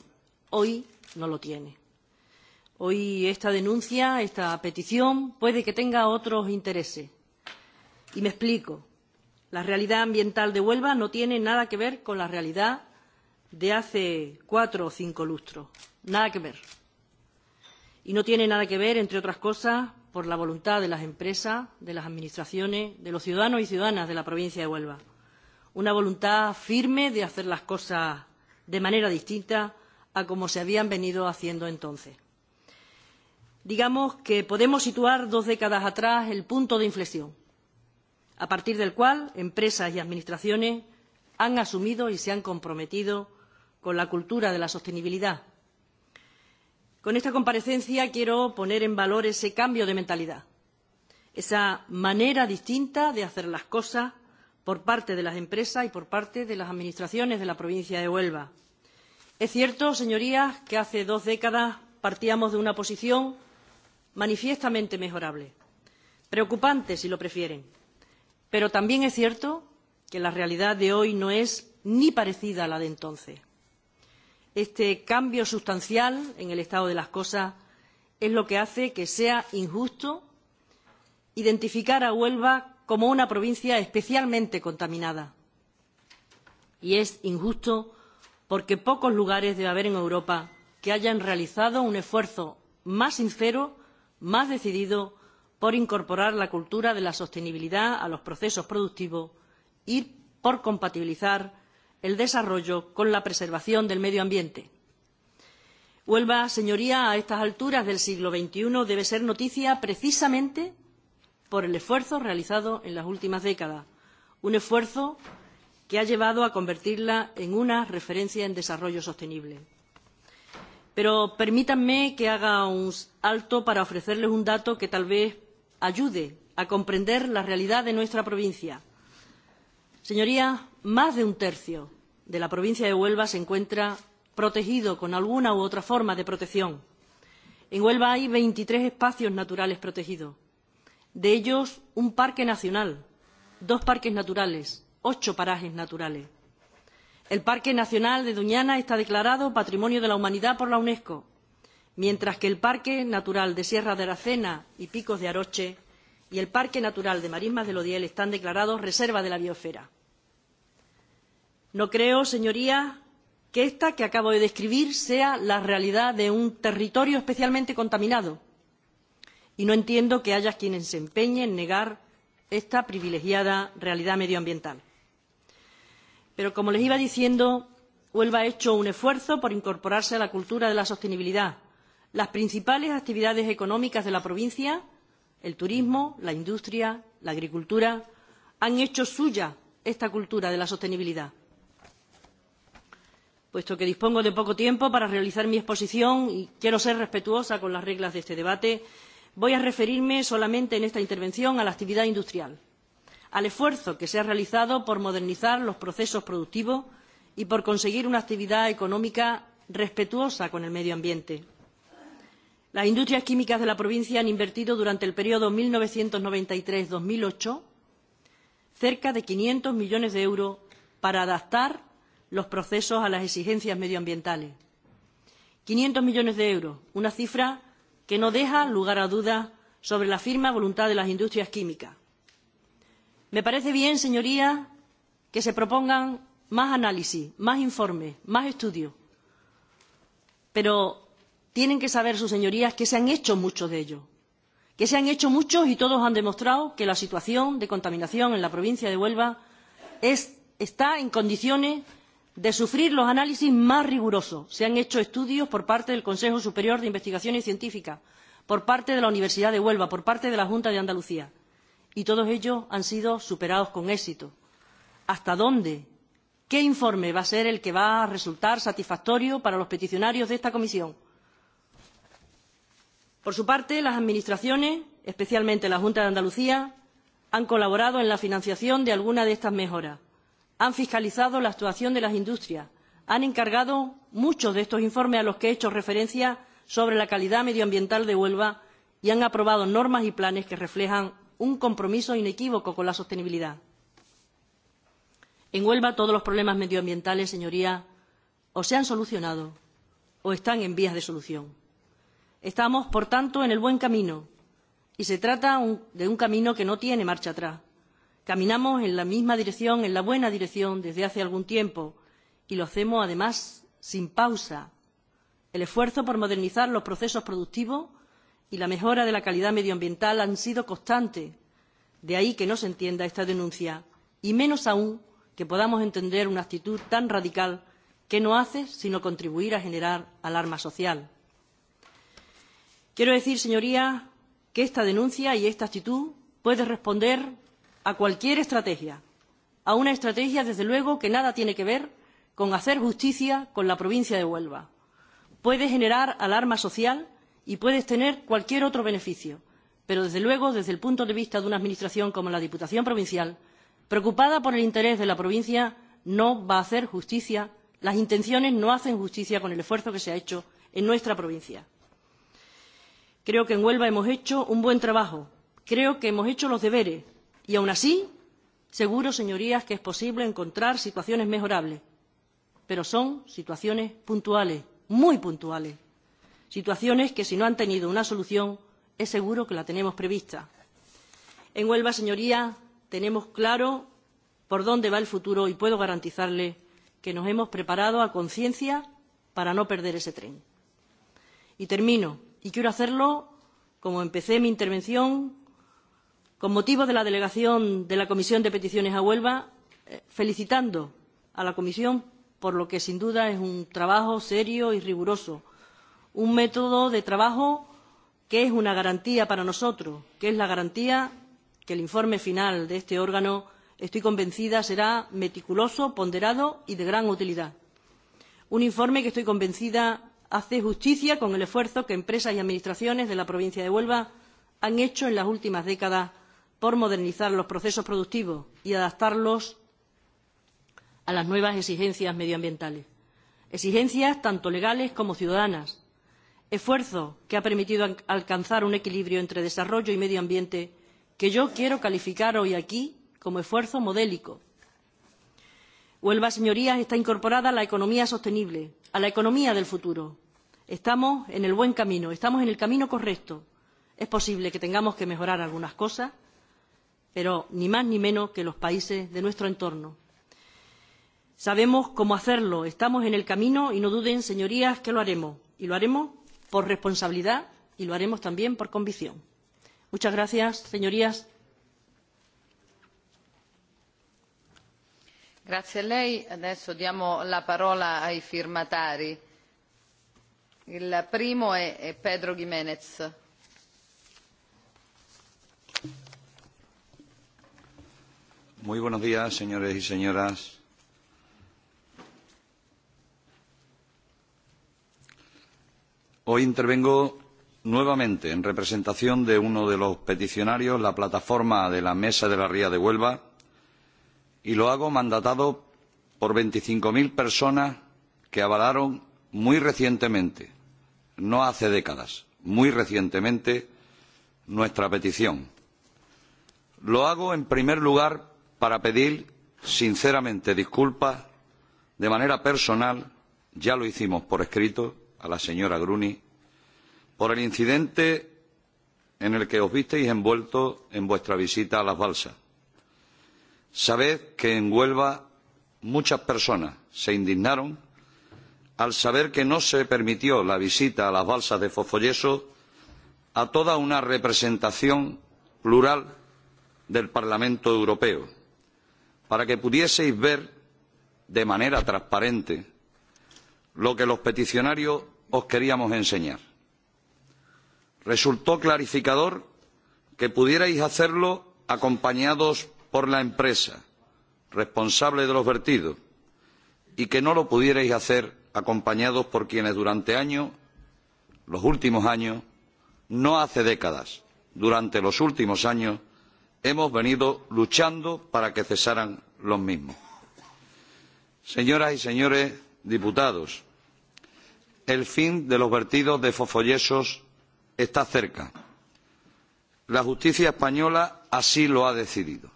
hoy no lo tiene. Hoy esta denuncia, esta petición, puede que tenga otros intereses. Y me explico. La realidad ambiental de Huelva no tiene nada que ver con la realidad de hace cuatro o cinco lustros. Nada que ver. Y no tiene nada que ver, entre otras cosas, por la voluntad de las empresas, de las administraciones, de los ciudadanos y ciudadanas de la provincia de Huelva. Una voluntad firme de hacer las cosas de manera distinta a como se habían venido haciendo entonces. Digamos que podemos situar dos décadas atrás el punto de inflexión, a partir del cual empresas y administraciones han asumido y se han comprometido con la cultura de la sostenibilidad, Con esta comparecencia quiero poner en valor ese cambio de mentalidad, esa manera distinta de hacer las cosas por parte de las empresas y por parte de las administraciones de la provincia de Huelva. Es cierto, señorías, que hace dos décadas partíamos de una posición manifiestamente mejorable, preocupante si lo prefieren, pero también es cierto que la realidad de hoy no es ni parecida a la de entonces este cambio sustancial en el estado de las cosas es lo que hace que sea injusto identificar a Huelva como una provincia especialmente contaminada. Y es injusto porque pocos lugares debe haber en Europa que hayan realizado un esfuerzo más sincero, más decidido, por incorporar la cultura de la sostenibilidad a los procesos productivos y por compatibilizar el desarrollo con la preservación del medio ambiente. Huelva, señoría, a estas alturas del siglo XXI debe ser noticia precisamente por el esfuerzo realizado en las últimas décadas, un esfuerzo que ha llevado a convertirla en una referencia en desarrollo sostenible. Pero permítanme que haga un alto para ofrecerles un dato que tal vez ayude a comprender la realidad de nuestra provincia señorías más de un tercio de la provincia de Huelva se encuentra protegido con alguna u otra forma de protección. En Huelva hay veintitrés espacios naturales protegidos, de ellos un parque nacional, dos parques naturales, ocho parajes naturales. El Parque Nacional de Doñana está declarado Patrimonio de la Humanidad por la UNESCO, mientras que el Parque Natural de Sierra de Aracena y Picos de Aroche y el Parque Natural de Marismas del Odiel están declarados reserva de la biosfera. No creo, señorías, que esta que acabo de describir sea la realidad de un territorio especialmente contaminado. Y no entiendo que haya quienes se empeñen en negar esta privilegiada realidad medioambiental. Pero, como les iba diciendo, Huelva ha hecho un esfuerzo por incorporarse a la cultura de la sostenibilidad. Las principales actividades económicas de la provincia el turismo, la industria, la agricultura, han hecho suya esta cultura de la sostenibilidad. Puesto que dispongo de poco tiempo para realizar mi exposición y quiero ser respetuosa con las reglas de este debate, voy a referirme solamente en esta intervención a la actividad industrial, al esfuerzo que se ha realizado por modernizar los procesos productivos y por conseguir una actividad económica respetuosa con el medio ambiente. Las industrias químicas de la provincia han invertido durante el periodo 1993-2008 cerca de 500 millones de euros para adaptar los procesos a las exigencias medioambientales. 500 millones de euros, una cifra que no deja lugar a dudas sobre la firme voluntad de las industrias químicas. Me parece bien, señorías, que se propongan más análisis, más informes, más estudios. Pero Tienen que saber sus señorías que se han hecho muchos de ellos, que se han hecho muchos y todos han demostrado que la situación de contaminación en la provincia de Huelva es, está en condiciones de sufrir los análisis más rigurosos. Se han hecho estudios por parte del Consejo Superior de Investigaciones Científicas, por parte de la Universidad de Huelva, por parte de la Junta de Andalucía. Y todos ellos han sido superados con éxito. ¿Hasta dónde? ¿Qué informe va a ser el que va a resultar satisfactorio para los peticionarios de esta comisión? Por su parte, las Administraciones, especialmente la Junta de Andalucía, han colaborado en la financiación de algunas de estas mejoras, han fiscalizado la actuación de las industrias, han encargado muchos de estos informes a los que he hecho referencia sobre la calidad medioambiental de Huelva y han aprobado normas y planes que reflejan un compromiso inequívoco con la sostenibilidad. En Huelva todos los problemas medioambientales, señoría, o se han solucionado o están en vías de solución. Estamos, por tanto, en el buen camino y se trata un, de un camino que no tiene marcha atrás. Caminamos en la misma dirección, en la buena dirección, desde hace algún tiempo y lo hacemos, además, sin pausa. El esfuerzo por modernizar los procesos productivos y la mejora de la calidad medioambiental han sido constantes. De ahí que no se entienda esta denuncia y menos aún que podamos entender una actitud tan radical que no hace sino contribuir a generar alarma social. Quiero decir, señoría, que esta denuncia y esta actitud puede responder a cualquier estrategia, a una estrategia, desde luego, que nada tiene que ver con hacer justicia con la provincia de Huelva. Puede generar alarma social y puede tener cualquier otro beneficio, pero desde luego, desde el punto de vista de una administración como la Diputación Provincial, preocupada por el interés de la provincia, no va a hacer justicia, las intenciones no hacen justicia con el esfuerzo que se ha hecho en nuestra provincia. Creo que en Huelva hemos hecho un buen trabajo. Creo que hemos hecho los deberes. Y aún así, seguro, señorías, que es posible encontrar situaciones mejorables. Pero son situaciones puntuales, muy puntuales. Situaciones que si no han tenido una solución, es seguro que la tenemos prevista. En Huelva, señorías, tenemos claro por dónde va el futuro y puedo garantizarle que nos hemos preparado a conciencia para no perder ese tren. Y termino y quiero hacerlo, como empecé mi intervención, con motivo de la delegación de la Comisión de Peticiones a Huelva, eh, felicitando a la Comisión por lo que sin duda es un trabajo serio y riguroso, un método de trabajo que es una garantía para nosotros, que es la garantía que el informe final de este órgano, estoy convencida, será meticuloso, ponderado y de gran utilidad. Un informe que estoy convencida hace justicia con el esfuerzo que empresas y administraciones de la provincia de Huelva han hecho en las últimas décadas por modernizar los procesos productivos y adaptarlos a las nuevas exigencias medioambientales, exigencias tanto legales como ciudadanas, esfuerzo que ha permitido alcanzar un equilibrio entre desarrollo y medio ambiente que yo quiero calificar hoy aquí como esfuerzo modélico. Huelva, señorías, está incorporada a la economía sostenible, a la economía del futuro. Estamos en el buen camino, estamos en el camino correcto. Es posible que tengamos que mejorar algunas cosas, pero ni más ni menos que los países de nuestro entorno. Sabemos cómo hacerlo, estamos en el camino y no duden, señorías, que lo haremos. Y lo haremos por responsabilidad y lo haremos también por convicción. Muchas gracias, señorías. Grazie a lei. Adesso diamo la parola ai firmatari. Il primo è Pedro Jiménez. Muy buenos días, señores y señoras. Hoy intervengo nuevamente en representación de uno de los peticionarios, la plataforma de la Mesa de la Ría de Huelva, y lo hago mandatado por veinticinco cero personas que avalaron muy recientemente no hace décadas muy recientemente nuestra petición. lo hago en primer lugar para pedir sinceramente disculpas de manera personal ya lo hicimos por escrito a la señora gruny por el incidente en el que os visteis envueltos en vuestra visita a las balsas Sabed que en Huelva muchas personas se indignaron al saber que no se permitió la visita a las balsas de Fosfoyeso a toda una representación plural del Parlamento Europeo, para que pudieseis ver de manera transparente lo que los peticionarios os queríamos enseñar. Resultó clarificador que pudierais hacerlo acompañados por la empresa responsable de los vertidos y que no lo pudierais hacer acompañados por quienes durante años los últimos años no hace décadas durante los últimos años hemos venido luchando para que cesaran los mismos. señoras y señores diputados el fin de los vertidos de fosfoyesos está cerca. la justicia española así lo ha decidido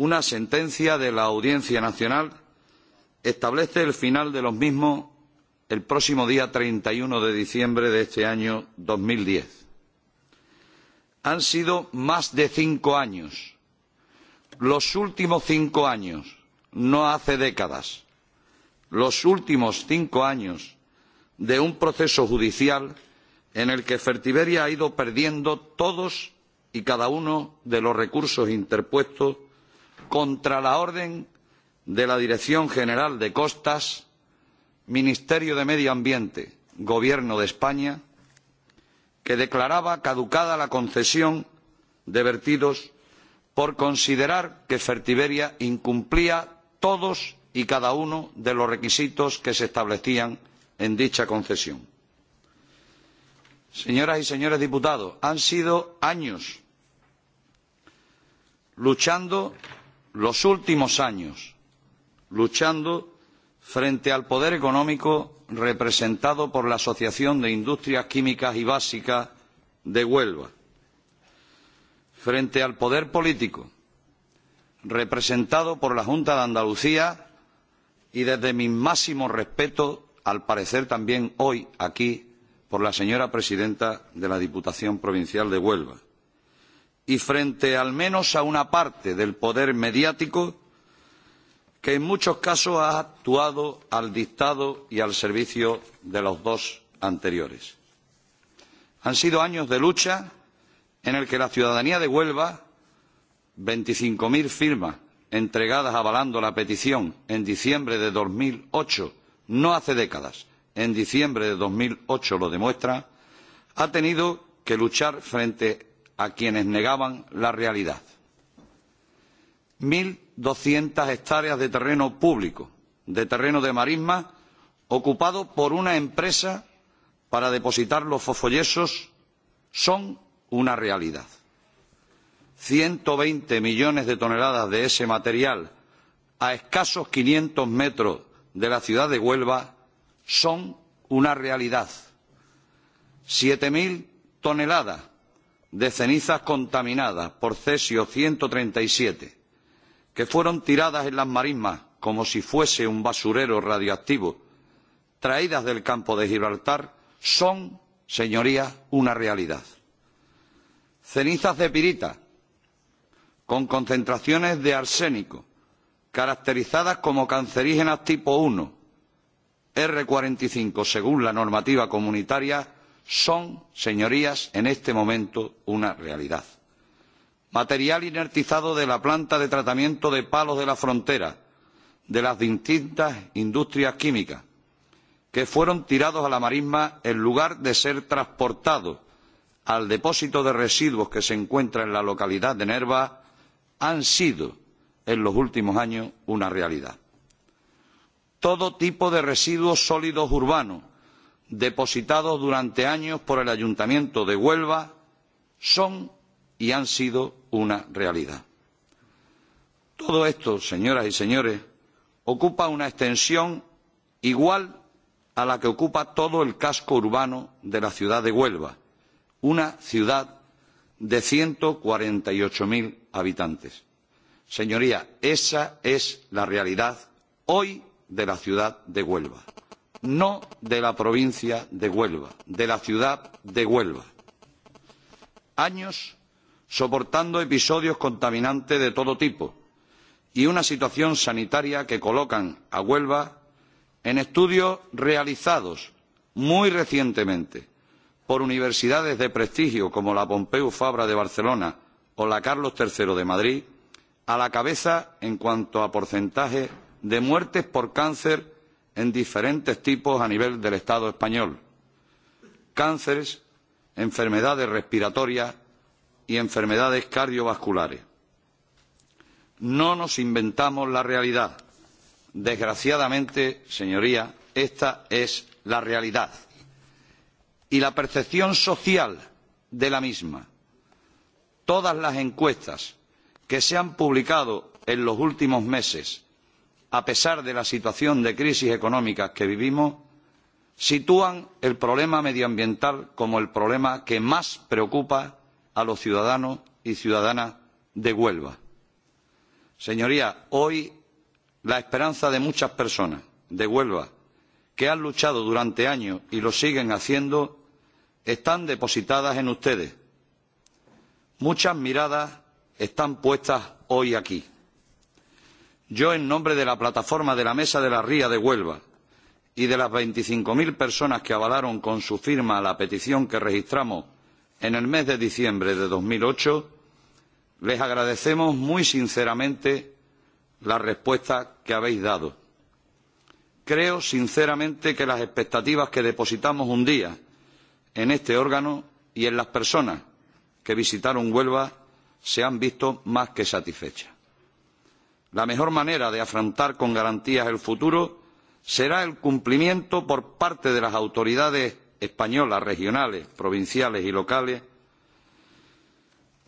una sentencia de la Audiencia Nacional establece el final de los mismos el próximo día 31 de diciembre de este año 2010. Han sido más de cinco años, los últimos cinco años, no hace décadas, los últimos cinco años de un proceso judicial en el que Fertiberia ha ido perdiendo todos y cada uno de los recursos interpuestos contra la orden de la Dirección General de Costas, Ministerio de Medio Ambiente, Gobierno de España, que declaraba caducada la concesión de vertidos por considerar que Fertiberia incumplía todos y cada uno de los requisitos que se establecían en dicha concesión. Señoras y señores diputados, han sido años luchando los últimos años luchando frente al poder económico representado por la Asociación de Industrias Químicas y Básicas de Huelva, frente al poder político representado por la Junta de Andalucía y desde mi máximo respeto, al parecer también hoy aquí, por la señora presidenta de la Diputación Provincial de Huelva y frente al menos a una parte del poder mediático que en muchos casos ha actuado al dictado y al servicio de los dos anteriores. Han sido años de lucha en el que la ciudadanía de Huelva, 25.000 firmas entregadas avalando la petición en diciembre de 2008, no hace décadas, en diciembre de 2008 lo demuestra, ha tenido que luchar frente a quienes negaban la realidad. doscientas hectáreas de terreno público, de terreno de marisma, ocupado por una empresa para depositar los fosfoyesos, son una realidad. 120 millones de toneladas de ese material a escasos 500 metros de la ciudad de Huelva son una realidad. 7.000 toneladas de cenizas contaminadas por cesio ciento treinta y siete que fueron tiradas en las marismas como si fuese un basurero radiactivo traídas del campo de gibraltar son señorías una realidad. cenizas de pirita con concentraciones de arsénico caracterizadas como cancerígenas tipo uno r cuarenta y cinco según la normativa comunitaria son, señorías, en este momento una realidad. Material inertizado de la planta de tratamiento de palos de la frontera, de las distintas industrias químicas, que fueron tirados a la marisma en lugar de ser transportados al depósito de residuos que se encuentra en la localidad de Nerva, han sido en los últimos años una realidad. Todo tipo de residuos sólidos urbanos, depositados durante años por el Ayuntamiento de Huelva son y han sido una realidad. Todo esto, señoras y señores, ocupa una extensión igual a la que ocupa todo el casco urbano de la ciudad de Huelva, una ciudad de ciento cuarenta y ocho mil habitantes. Señoría, esa es la realidad hoy de la ciudad de Huelva no de la provincia de Huelva, de la ciudad de Huelva. Años soportando episodios contaminantes de todo tipo y una situación sanitaria que colocan a Huelva en estudios realizados muy recientemente por universidades de prestigio como la Pompeu Fabra de Barcelona o la Carlos III de Madrid, a la cabeza en cuanto a porcentaje de muertes por cáncer en diferentes tipos a nivel del Estado español cánceres, enfermedades respiratorias y enfermedades cardiovasculares. No nos inventamos la realidad. Desgraciadamente, señoría, esta es la realidad. Y la percepción social de la misma. Todas las encuestas que se han publicado en los últimos meses a pesar de la situación de crisis económica que vivimos sitúan el problema medioambiental como el problema que más preocupa a los ciudadanos y ciudadanas de huelva. señorías hoy la esperanza de muchas personas de huelva que han luchado durante años y lo siguen haciendo están depositadas en ustedes. muchas miradas están puestas hoy aquí yo en nombre de la plataforma de la mesa de la ría de huelva y de las veinticinco cero personas que avalaron con su firma la petición que registramos en el mes de diciembre de dos mil ocho les agradecemos muy sinceramente la respuesta que habéis dado. creo sinceramente que las expectativas que depositamos un día en este órgano y en las personas que visitaron huelva se han visto más que satisfechas la mejor manera de afrontar con garantías el futuro será el cumplimiento por parte de las autoridades españolas regionales provinciales y locales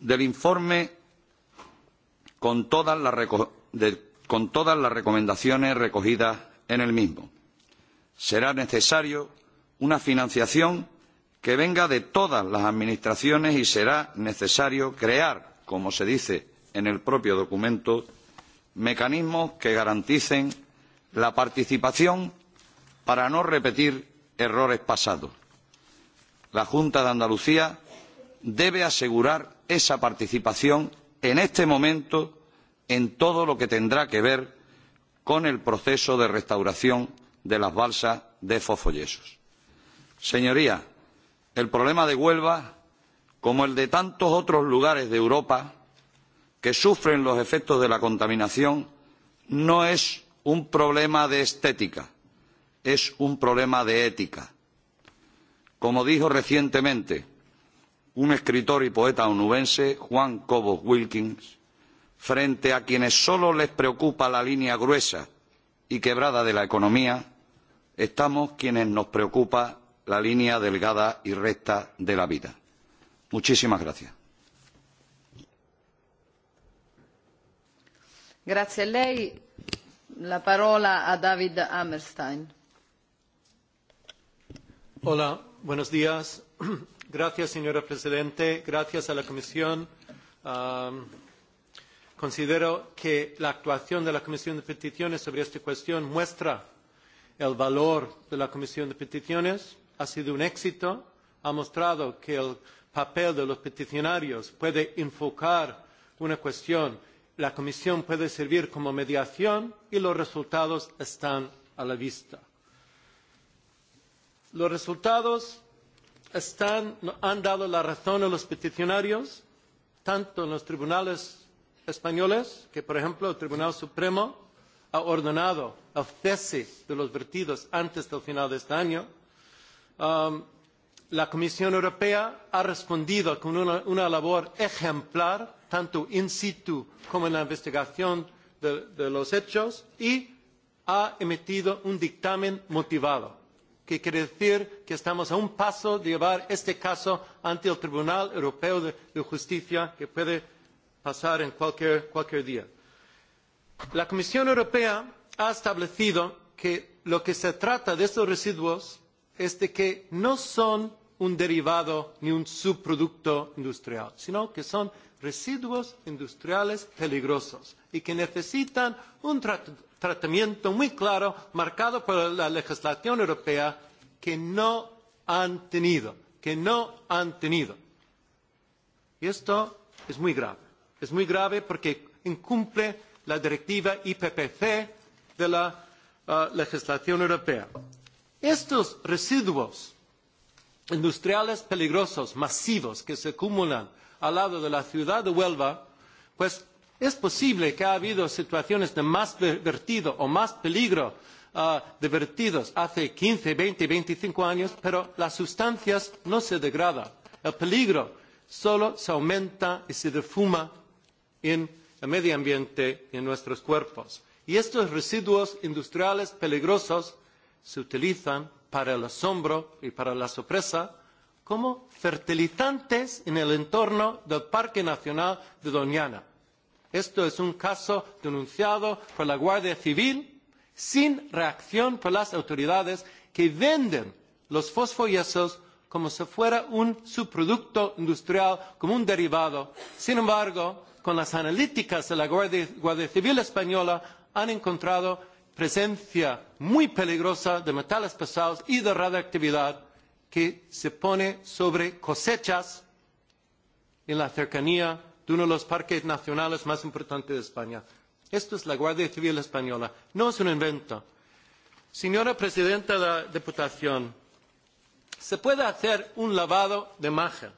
del informe con todas las, de, con todas las recomendaciones recogidas en el mismo. Será necesario una financiación que venga de todas las administraciones y será necesario crear, como se dice en el propio documento, mecanismos que garanticen la participación para no repetir errores pasados. La Junta de Andalucía debe asegurar esa participación en este momento en todo lo que tendrá que ver con el proceso de restauración de las balsas de Fosfoyesos. Señorías, el problema de Huelva, como el de tantos otros lugares de Europa, que sufren los efectos de la contaminación no es un problema de estética, es un problema de ética. Como dijo recientemente un escritor y poeta onubense, Juan Cobos Wilkins, frente a quienes solo les preocupa la línea gruesa y quebrada de la economía, estamos quienes nos preocupa la línea delgada y recta de la vida. Muchísimas gracias. Gracias, señora presidenta Gracias a la Comisión. considero que la actuación de la Comisión de Peticiones sobre esta cuestión muestra el valor de la Comisión de Peticiones. Ha sido un éxito. Ha mostrado que el papel de los peticionarios puede enfocar una cuestión la Comisión puede servir como mediación y los resultados están a la vista. Los resultados están, no, han dado la razón a los peticionarios, tanto en los tribunales españoles, que por ejemplo el Tribunal Supremo ha ordenado el cese de los vertidos antes del final de este año, um, la Comisión Europea ha respondido con una, una labor ejemplar, tanto in situ como en la investigación de, de los hechos, y ha emitido un dictamen motivado, que quiere decir que estamos a un paso de llevar este caso ante el Tribunal Europeo de, de Justicia, que puede pasar en cualquier, cualquier día. La Comisión Europea ha establecido que lo que se trata de estos residuos es de que no son un derivado ni un subproducto industrial, sino que son residuos industriales peligrosos y que necesitan un tratamiento muy claro marcado por la legislación europea que no han tenido, que no han tenido. Y esto es muy grave. Es muy grave porque incumple la directiva IPPC de la uh, legislación europea. Estos residuos industriales peligrosos, masivos, que se acumulan al lado de la ciudad de Huelva, pues es posible que ha habido situaciones de más vertido o más peligro uh, de vertidos hace 15, 20, 25 años, pero las sustancias no se degradan. El peligro solo se aumenta y se defuma en el medio ambiente y en nuestros cuerpos. Y estos residuos industriales peligrosos se utilizan para el asombro y para la sorpresa, como fertilizantes en el entorno del Parque Nacional de Doñana. Esto es un caso denunciado por la Guardia Civil sin reacción por las autoridades que venden los fosfoyesos como si fuera un subproducto industrial, como un derivado. Sin embargo, con las analíticas de la Guardia, Guardia Civil Española han encontrado presencia muy peligrosa de metales pesados y de radiactividad que se pone sobre cosechas en la cercanía de uno de los parques nacionales más importantes de España. Esto es la Guardia Civil Española, no es un invento. Señora Presidenta de la Diputación, se puede hacer un lavado de imagen,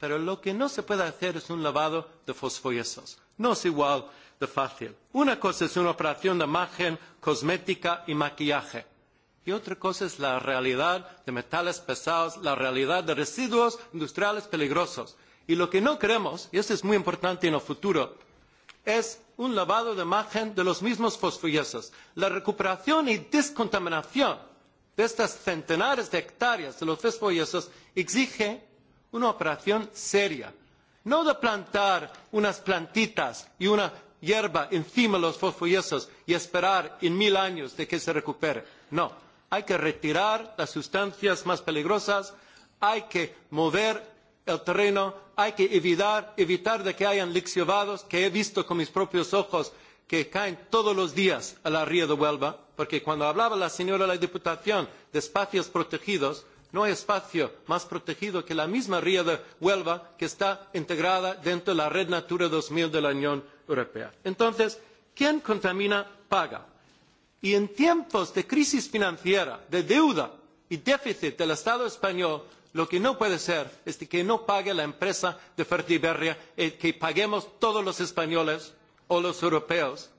pero lo que no se puede hacer es un lavado de fosfoyesos. No es igual de fácil. Una cosa es una operación de imagen cosmética y maquillaje. Y otra cosa es la realidad de metales pesados, la realidad de residuos industriales peligrosos. Y lo que no queremos, y esto es muy importante en el futuro, es un lavado de imagen de los mismos fosfoyesos. La recuperación y descontaminación de estas centenares de hectáreas de los fosfoyesos exige una operación seria. No de plantar unas plantitas y una hierba encima de los fosfoyesos y esperar en mil años de que se recupere. No, hay que retirar las sustancias más peligrosas, hay que mover el terreno, hay que evitar, evitar de que hayan lixiviados que he visto con mis propios ojos que caen todos los días a la ría de Huelva, porque cuando hablaba la señora de la Diputación de espacios protegidos, no hay espacio más protegido que la misma ría de Huelva que está integrada dentro de la red Natura 2000 de la Unión Europea. Entonces, quien contamina, paga. Y en tiempos de crisis financiera, de deuda y déficit del Estado español, lo que no puede ser es que no pague la empresa de Fertiberia, y eh, que paguemos todos los españoles o los europeos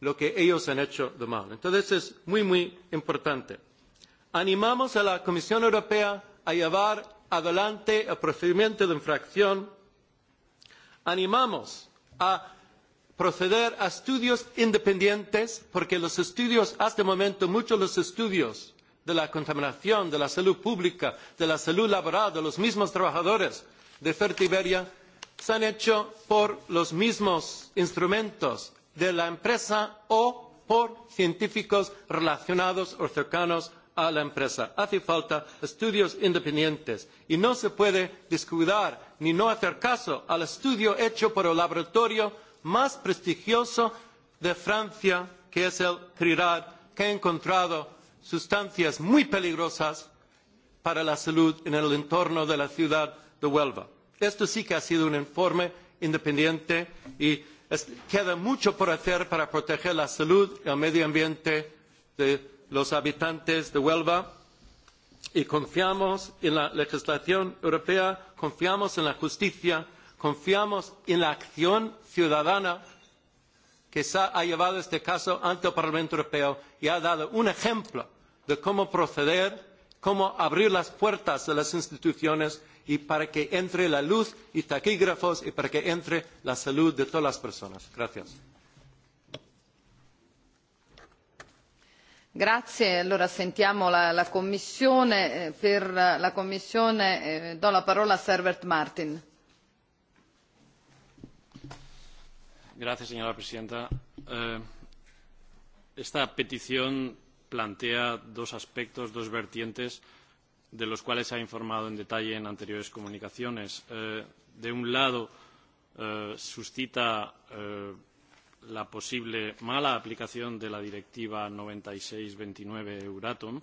lo que ellos han hecho de mal. Entonces es muy, muy importante. Animamos a la Comisión Europea a llevar adelante el procedimiento de infracción. Animamos a proceder a estudios independientes, porque los estudios, hasta el momento, muchos los estudios de la contaminación, de la salud pública, de la salud laboral, de los mismos trabajadores de Fertiberia, se han hecho por los mismos instrumentos de la empresa o por científicos relacionados o cercanos a la empresa. Hace falta estudios independientes y no se puede descuidar ni no hacer caso al estudio hecho por el laboratorio más prestigioso de Francia, que es el CRIRAD, que ha encontrado sustancias muy peligrosas para la salud en el entorno de la ciudad de Huelva. Esto sí que ha sido un informe independiente y es, queda mucho por hacer para proteger la salud y el medio ambiente de los habitantes de Huelva y confiamos en la legislación europea, confiamos en la justicia Confiamos en la acción ciudadana que ha llevado este caso ante el Parlamento Europeo y ha dado un ejemplo de cómo proceder, cómo abrir las puertas de las instituciones y para que entre la luz y taquígrafos y para que entre la salud de todas las personas. Gracias. Grazie, allora sentiamo la, la Commissione. Eh, per la Commissione eh, do la parola a Servert Martin Gracias, señora presidenta. Eh, esta petición plantea dos aspectos, dos vertientes, de los cuales se ha informado en detalle en anteriores comunicaciones. Eh, de un lado, eh, suscita eh, la posible mala aplicación de la Directiva 96-29 Euratom, eh,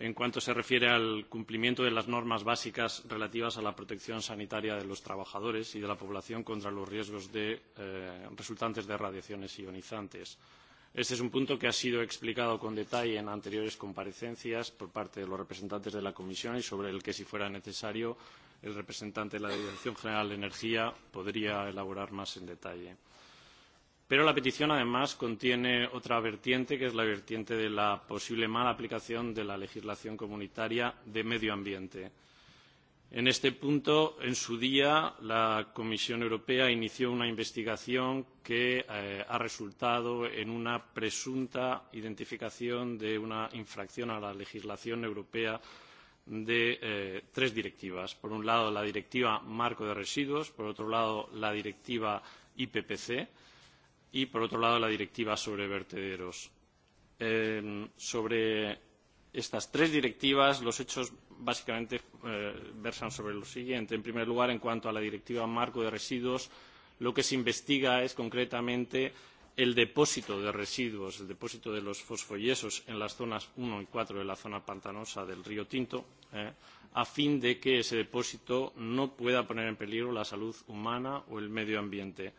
en cuanto se refiere al cumplimiento de las normas básicas relativas a la protección sanitaria de los trabajadores y de la población contra los riesgos de, eh, resultantes de radiaciones ionizantes. Este es un punto que ha sido explicado con detalle en anteriores comparecencias por parte de los representantes de la Comisión y sobre el que, si fuera necesario, el representante de la Dirección General de Energía podría elaborar más en detalle. Pero la petición, además, contiene otra vertiente, que es la vertiente de la posible mala aplicación de la legislación comunitaria de medio ambiente. En este punto, en su día, la Comisión Europea inició una investigación que eh, ha resultado en una presunta identificación de una infracción a la legislación europea de eh, tres directivas. Por un lado, la directiva marco de residuos, por otro lado, la directiva IPPC y, por otro lado, la directiva sobre vertederos. Eh, sobre estas tres directivas, los hechos básicamente eh, versan sobre lo siguiente. En primer lugar, en cuanto a la directiva marco de residuos, lo que se investiga es concretamente el depósito de residuos, el depósito de los fosfoyesos en las zonas 1 y 4 de la zona pantanosa del río Tinto, eh, a fin de que ese depósito no pueda poner en peligro la salud humana o el medio ambiente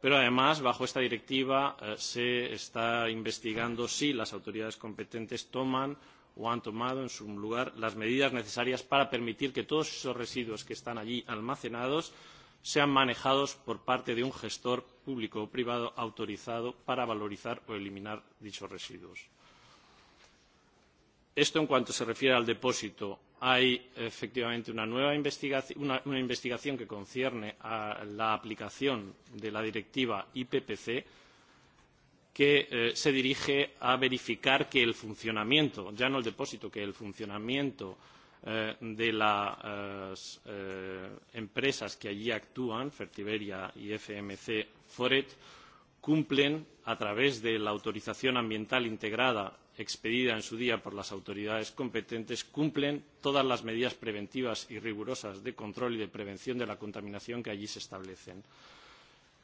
Pero además, bajo esta directiva, eh, se está investigando si las autoridades competentes toman o han tomado en su lugar las medidas necesarias para permitir que todos esos residuos que están allí almacenados sean manejados por parte de un gestor público o privado autorizado para valorizar o eliminar dichos residuos. Esto en cuanto se refiere al depósito hay efectivamente una nueva investigación, que concierne a la aplicación de la directiva IPPC que eh, se dirige a verificar que el funcionamiento, ya no el depósito, que el funcionamiento eh, de las eh, empresas que allí actúan, Fertiberia y FMC Foret, cumplen a través de la autorización ambiental integrada expedida en su día por las autoridades competentes cumplen todas las medidas preventivas y rigurosas de control y de prevención de la contaminación que allí se establecen.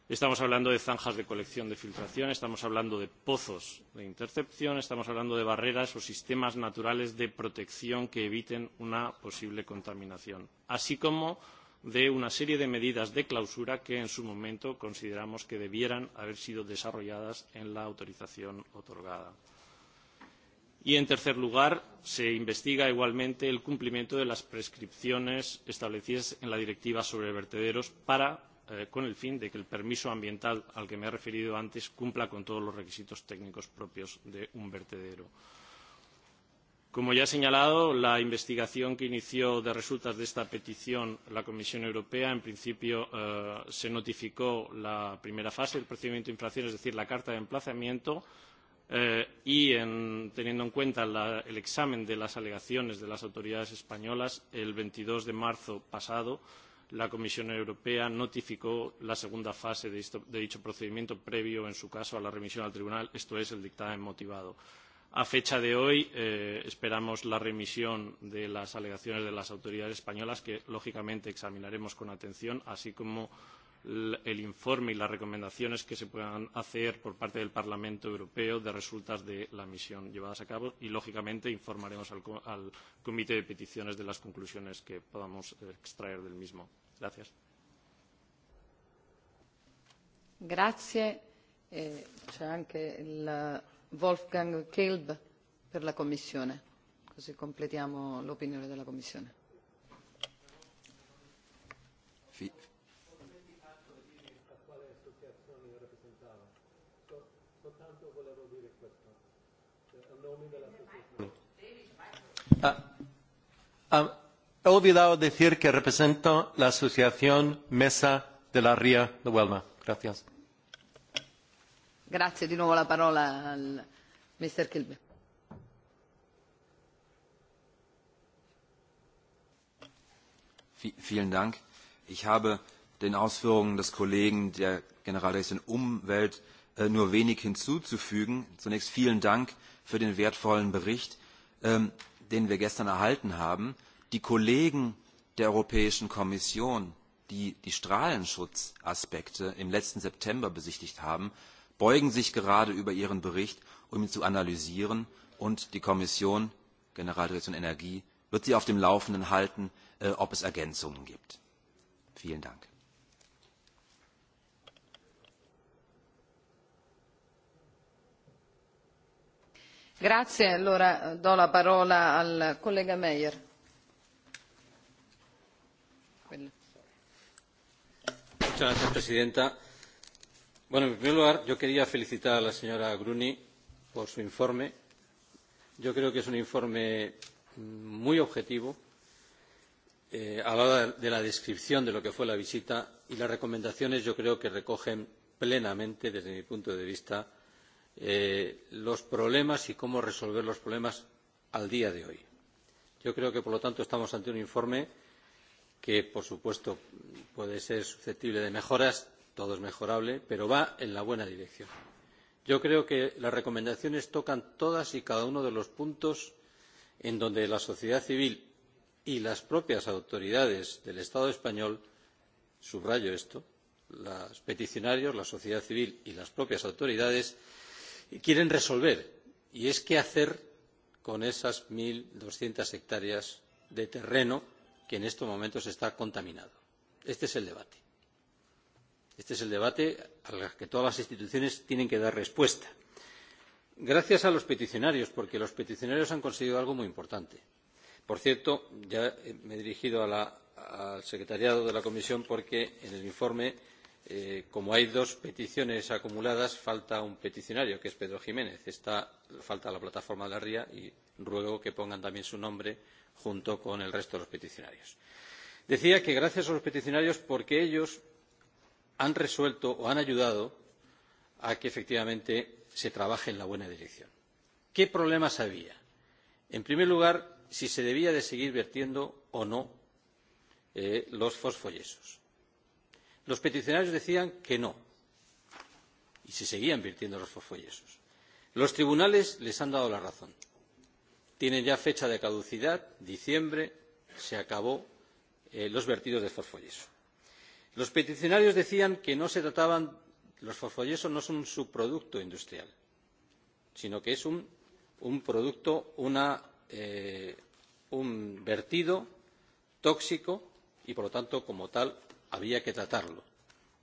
Estamos hablando de zanjas de colección de filtración, estamos hablando de pozos de intercepción, estamos hablando de barreras o sistemas naturales de protección que eviten una posible contaminación, así como de una serie de medidas de clausura que en su momento consideramos que debieran haber sido desarrolladas en la autorización otorgada y en tercer lugar se investiga igualmente el cumplimiento de las prescripciones establecidas en la directiva sobre vertederos eh, con el fin de que el permiso ambiental al que me he referido antes cumpla con todos los requisitos técnicos propios de un vertedero. como ya he señalado la investigación que inició de resultas de esta petición la comisión europea en principio eh, se notificó la primera fase del procedimiento de infracción es decir la carta de emplazamiento y eh, y en, teniendo en cuenta la, el examen de las alegaciones de las autoridades españolas, el 22 de marzo pasado la Comisión Europea notificó la segunda fase de, esto, de dicho procedimiento previo, en su caso, a la remisión al tribunal, esto es, el dictamen motivado. A fecha de hoy eh, esperamos la remisión de las alegaciones de las autoridades españolas, que lógicamente examinaremos con atención, así como el informe y las recomendaciones que se puedan hacer por parte del Parlamento Europeo de resultas de la misión llevadas a cabo y, lógicamente, informaremos al, al Comité de Peticiones de las conclusiones que podamos eh, extraer del mismo. Gracias. Grazie. Eh, c'è anche il Wolfgang Kilb per la Commissione, così completiamo l'opinione della Commissione. Ah, ah, he olvidado decir que represento la Asociación Mesa de la Ría de Huelva. Gracias. Grazie, di nuovo la parola al Mr. Kilbe. Vielen Dank. Ich habe den Ausführungen des Kollegen der Generaldirektion Umwelt äh, nur wenig hinzuzufügen. Zunächst vielen Dank für den wertvollen Bericht, ähm, den wir gestern erhalten haben. Die Kollegen der Europäischen Kommission, die die Strahlenschutzaspekte im letzten September besichtigt haben, beugen sich gerade über ihren Bericht, um ihn zu analysieren. Und die Kommission, Generaldirektion Energie, wird sie auf dem Laufenden halten, äh, ob es Ergänzungen gibt. Vielen Dank. señora presidenta en primer lugar yo quería felicitar a la señora gruny por su informe. yo creo que es un informe muy objetivo eh, a la hora de la descripción de lo que fue la visita y las recomendaciones yo creo que recogen plenamente desde mi punto de vista Eh, los problemas y cómo resolver los problemas a día de hoy. Yo creo que, por lo tanto, estamos ante un informe que, por supuesto, puede ser susceptible de mejoras, todo es mejorable, pero va en la buena dirección. Yo creo que las recomendaciones tocan todas y cada uno de los puntos en donde la sociedad civil y las propias autoridades del Estado español subrayo esto los peticionarios la sociedad civil y las propias autoridades quieren resolver y es qué hacer con esas uno doscientos hectáreas de terreno que en estos momentos está contaminado. este es el debate. este es el debate al que todas las instituciones tienen que dar respuesta. gracias a los peticionarios porque los peticionarios han conseguido algo muy importante. por cierto ya me he dirigido a la, al secretariado de la comisión porque en el informe Eh, como hay dos peticiones acumuladas, falta un peticionario, que es Pedro Jiménez. Está, falta la plataforma de la RIA y ruego que pongan también su nombre junto con el resto de los peticionarios. Decía que gracias a los peticionarios porque ellos han resuelto o han ayudado a que efectivamente se trabaje en la buena dirección. ¿Qué problemas había? En primer lugar, si se debía de seguir vertiendo o no eh, los fosfoyesos los peticionarios decían que no y se seguían vertiendo los fosfoyesos. los tribunales les han dado la razón tienen ya fecha de caducidad diciembre se acabó eh, los vertidos de fosfoyeso. los peticionarios decían que no se trataban los fosfoyesos no son un subproducto industrial sino que es un, un producto una, eh, un vertido tóxico y por lo tanto como tal había que tratarlo.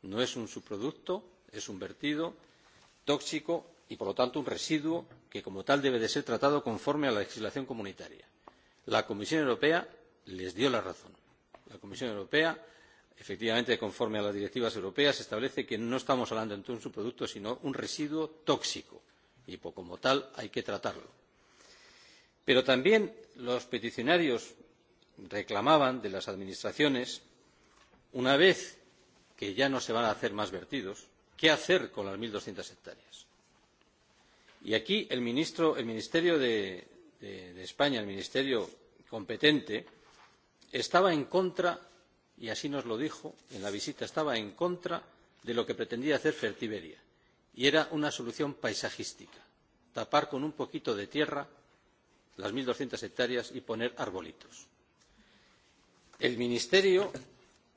No es un subproducto, es un vertido tóxico y, por lo tanto, un residuo que, como tal, debe de ser tratado conforme a la legislación comunitaria. La Comisión Europea les dio la razón. La Comisión Europea, efectivamente, conforme a las directivas europeas, establece que no estamos hablando de un subproducto, sino un residuo tóxico y, por, como tal, hay que tratarlo. Pero también los peticionarios reclamaban de las administraciones una vez que ya no se van a hacer más vertidos, ¿qué hacer con las 1.200 hectáreas? Y aquí el, ministro, el Ministerio de, de, de España, el Ministerio competente, estaba en contra, y así nos lo dijo en la visita, estaba en contra de lo que pretendía hacer Fertiberia. Y era una solución paisajística, tapar con un poquito de tierra las 1.200 hectáreas y poner arbolitos. El Ministerio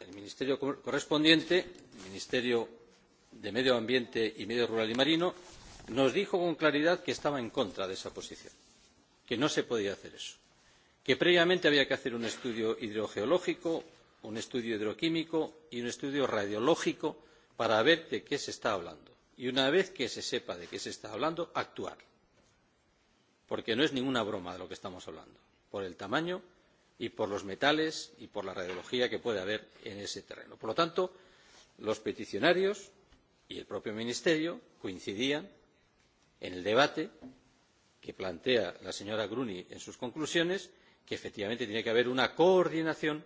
el ministerio correspondiente el ministerio de medio ambiente y medio rural y marino nos dijo con claridad que estaba en contra de esa posición que no se podía hacer eso que previamente había que hacer un estudio hidrogeológico un estudio hidroquímico y un estudio radiológico para ver de qué se está hablando y una vez que se sepa de qué se está hablando actuar porque no es ninguna broma de lo que estamos hablando por el tamaño y por los metales y por la radiología que puede haber en ese terreno. por lo tanto los peticionarios y el propio ministerio coincidían en el debate que plantea la señora gruny en sus conclusiones que efectivamente tiene que haber una coordinación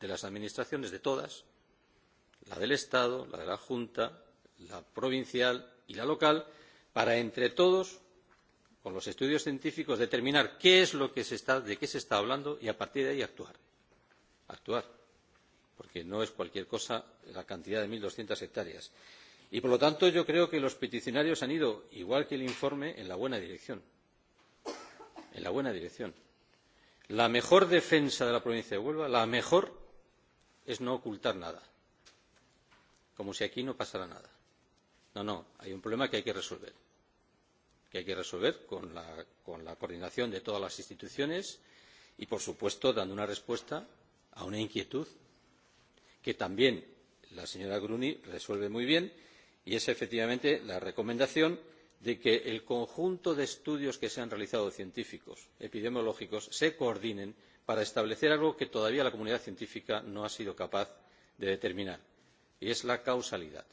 de las administraciones de todas la del estado la de la junta la provincial y la local para entre todos con los estudios científicos determinar qué es lo que se está, de qué se está hablando y a partir de ahí actuar. Actuar. Porque no es cualquier cosa la cantidad de 1.200 hectáreas. Y por lo tanto yo creo que los peticionarios han ido, igual que el informe, en la buena dirección. En la buena dirección. La mejor defensa de la provincia de Huelva, la mejor, es no ocultar nada. Como si aquí no pasara nada. No, no, hay un problema que hay que resolver que hay que resolver con la, con la coordinación de todas las instituciones y, por supuesto, dando una respuesta a una inquietud que también la señora Gruni resuelve muy bien y es efectivamente la recomendación de que el conjunto de estudios que se han realizado científicos epidemiológicos se coordinen para establecer algo que todavía la comunidad científica no ha sido capaz de determinar y es la causalidad.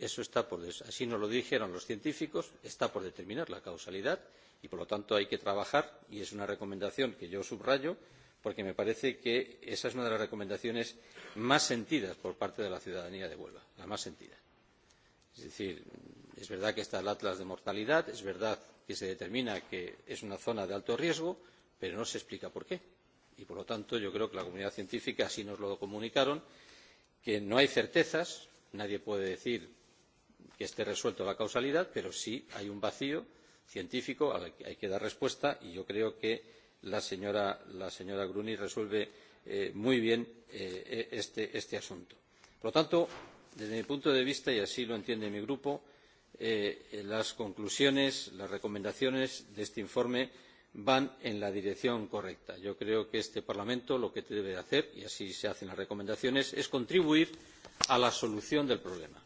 Eso está por, así nos lo dijeron los científicos, está por determinar la causalidad y por lo tanto hay que trabajar y es una recomendación que yo subrayo porque me parece que esa es una de las recomendaciones más sentidas por parte de la ciudadanía de Huelva, la más sentida. Es decir, es verdad que está el atlas de mortalidad, es verdad que se determina que es una zona de alto riesgo, pero no se explica por qué. Y por lo tanto yo creo que la comunidad científica así nos lo comunicaron, que no hay certezas, nadie puede decir que esté resuelta la causalidad pero sí hay un vacío científico al que hay que dar respuesta y yo creo que la señora gruny resuelve eh, muy bien eh, este asunto. por lo tanto desde mi punto de vista y así lo entiende mi grupo eh, las conclusiones las recomendaciones de este informe van en la dirección correcta. yo creo que este parlamento lo que debe hacer y así se hacen las recomendaciones es contribuir a la solución del problema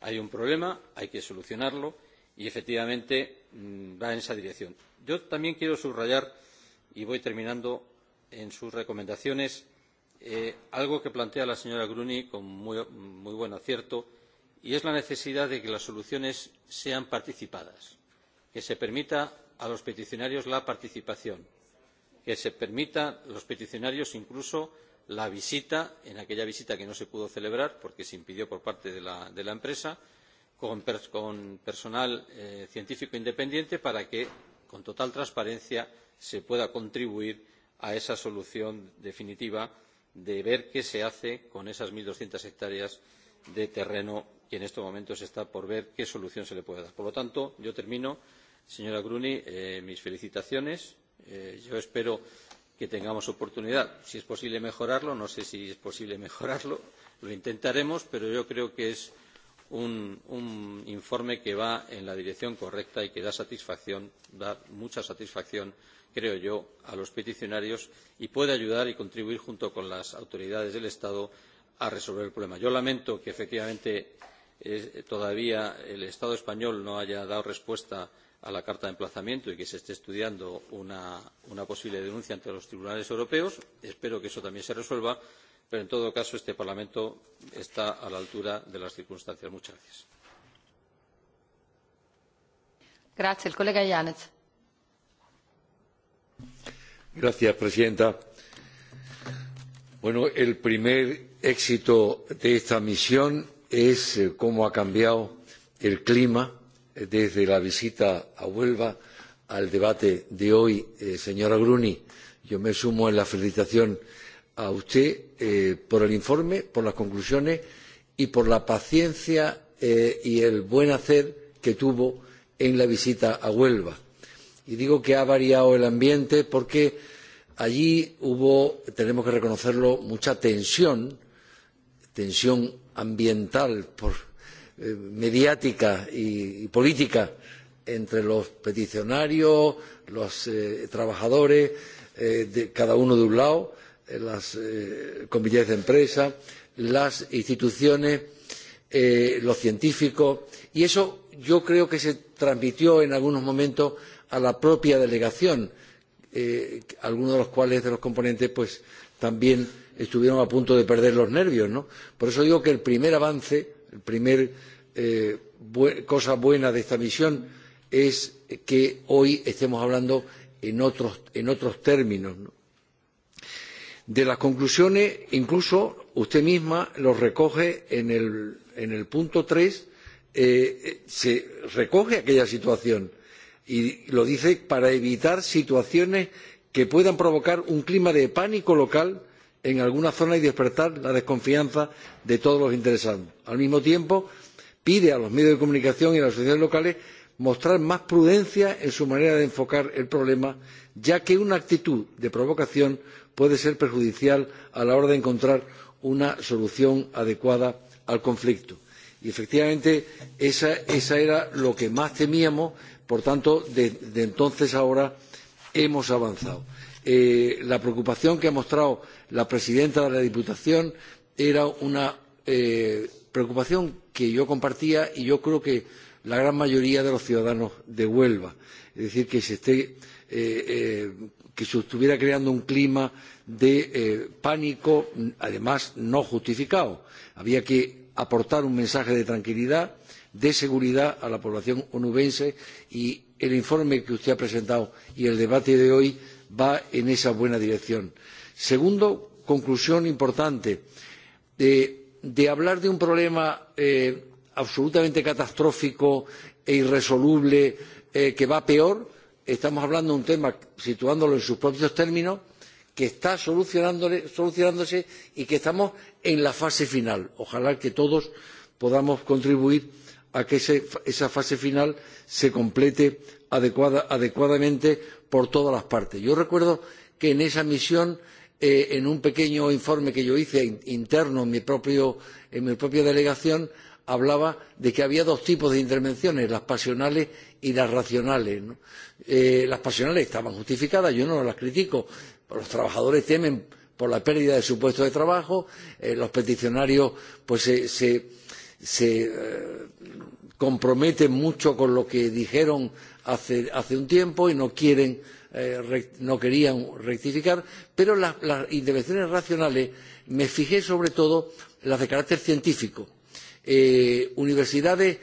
hay un problema hay que solucionarlo y efectivamente mm, va en esa dirección. yo también quiero subrayar y voy terminando en sus recomendaciones eh, algo que plantea la señora gruny con muy, muy buen acierto y es la necesidad de que las soluciones sean participadas que se permita a los peticionarios la participación que se permita a los peticionarios incluso la visita, en aquella visita que no se pudo celebrar porque se impidió por parte de la, de la empresa, con, con personal eh, científico independiente para que con total transparencia se pueda contribuir a esa solución definitiva de ver qué se hace con esas uno doscientos hectáreas de terreno que en estos momentos está por ver qué solución se le puede dar. por lo tanto yo termino señora gruny eh, mis felicitaciones. Eh, yo espero que que tengamos oportunidad. Si es posible mejorarlo, no sé si es posible mejorarlo, lo intentaremos, pero yo creo que es un, un informe que va en la dirección correcta y que da satisfacción, da mucha satisfacción, creo yo, a los peticionarios y puede ayudar y contribuir junto con las autoridades del Estado a resolver el problema. Yo lamento que efectivamente eh, todavía el Estado español no haya dado respuesta a la carta de emplazamiento y que se esté estudiando una, una posible denuncia ante los tribunales europeos. Espero que eso también se resuelva, pero en todo caso este Parlamento está a la altura de las circunstancias. Muchas gracias. Grazie, señora presidenta bueno, el primer éxito de esta misión es eh, cómo ha cambiado el clima desde la visita a Huelva al debate de hoy. Eh, señora Gruni, yo me sumo en la felicitación a usted eh, por el informe, por las conclusiones y por la paciencia eh, y el buen hacer que tuvo en la visita a Huelva. Y digo que ha variado el ambiente porque allí hubo, tenemos que reconocerlo, mucha tensión, tensión ambiental por Eh, mediática y, y política entre los peticionarios, los eh, trabajadores, eh, de, cada uno de un lado, eh, los eh, comités de empresa, las instituciones, eh, los científicos, y eso yo creo que se transmitió en algunos momentos a la propia delegación, eh, algunos de los cuales de los componentes pues también estuvieron a punto de perder los nervios. ¿no? Por eso digo que el primer avance La primera eh, bu cosa buena de esta misión es que hoy estemos hablando en otros, en otros términos. ¿no? De las conclusiones, incluso usted misma los recoge en el, en el punto 3, eh, se recoge aquella situación y lo dice para evitar situaciones que puedan provocar un clima de pánico local en algunas zonas y despertar la desconfianza de todos los interesados. al mismo tiempo pide a los medios de comunicación y a las sociedades locales mostrar más prudencia en su manera de enfocar el problema ya que una actitud de provocación puede ser perjudicial a la hora de encontrar una solución adecuada al conflicto. y efectivamente eso esa era lo que más temíamos por tanto desde entonces a ahora hemos avanzado. Eh, la preocupación que ha mostrado la presidenta de la Diputación era una eh, preocupación que yo compartía y yo creo que la gran mayoría de los ciudadanos de Huelva. Es decir, que se esté, eh, eh, que se estuviera creando un clima de eh, pánico, además no justificado. Había que aportar un mensaje de tranquilidad, de seguridad a la población onubense y el informe que usted ha presentado y el debate de hoy va en esa buena dirección. Segundo, conclusión importante, de, de hablar de un problema eh, absolutamente catastrófico e irresoluble eh, que va peor, estamos hablando de un tema, situándolo en sus propios términos, que está solucionándose y que estamos en la fase final. Ojalá que todos podamos contribuir a que ese, esa fase final se complete adecuada, adecuadamente por todas las partes. Yo recuerdo que en esa misión, eh, en un pequeño informe que yo hice interno en mi, propio, en mi propia delegación, hablaba de que había dos tipos de intervenciones, las pasionales y las racionales. ¿no? Eh, las pasionales estaban justificadas, yo no las critico. Los trabajadores temen por la pérdida de su puesto de trabajo, eh, los peticionarios pues se, se se eh, comprometen mucho con lo que dijeron hace, un tiempo y no quieren eh, no querían rectificar, pero la, las intervenciones racionales me fijé sobre todo las de carácter científico. Eh, universidades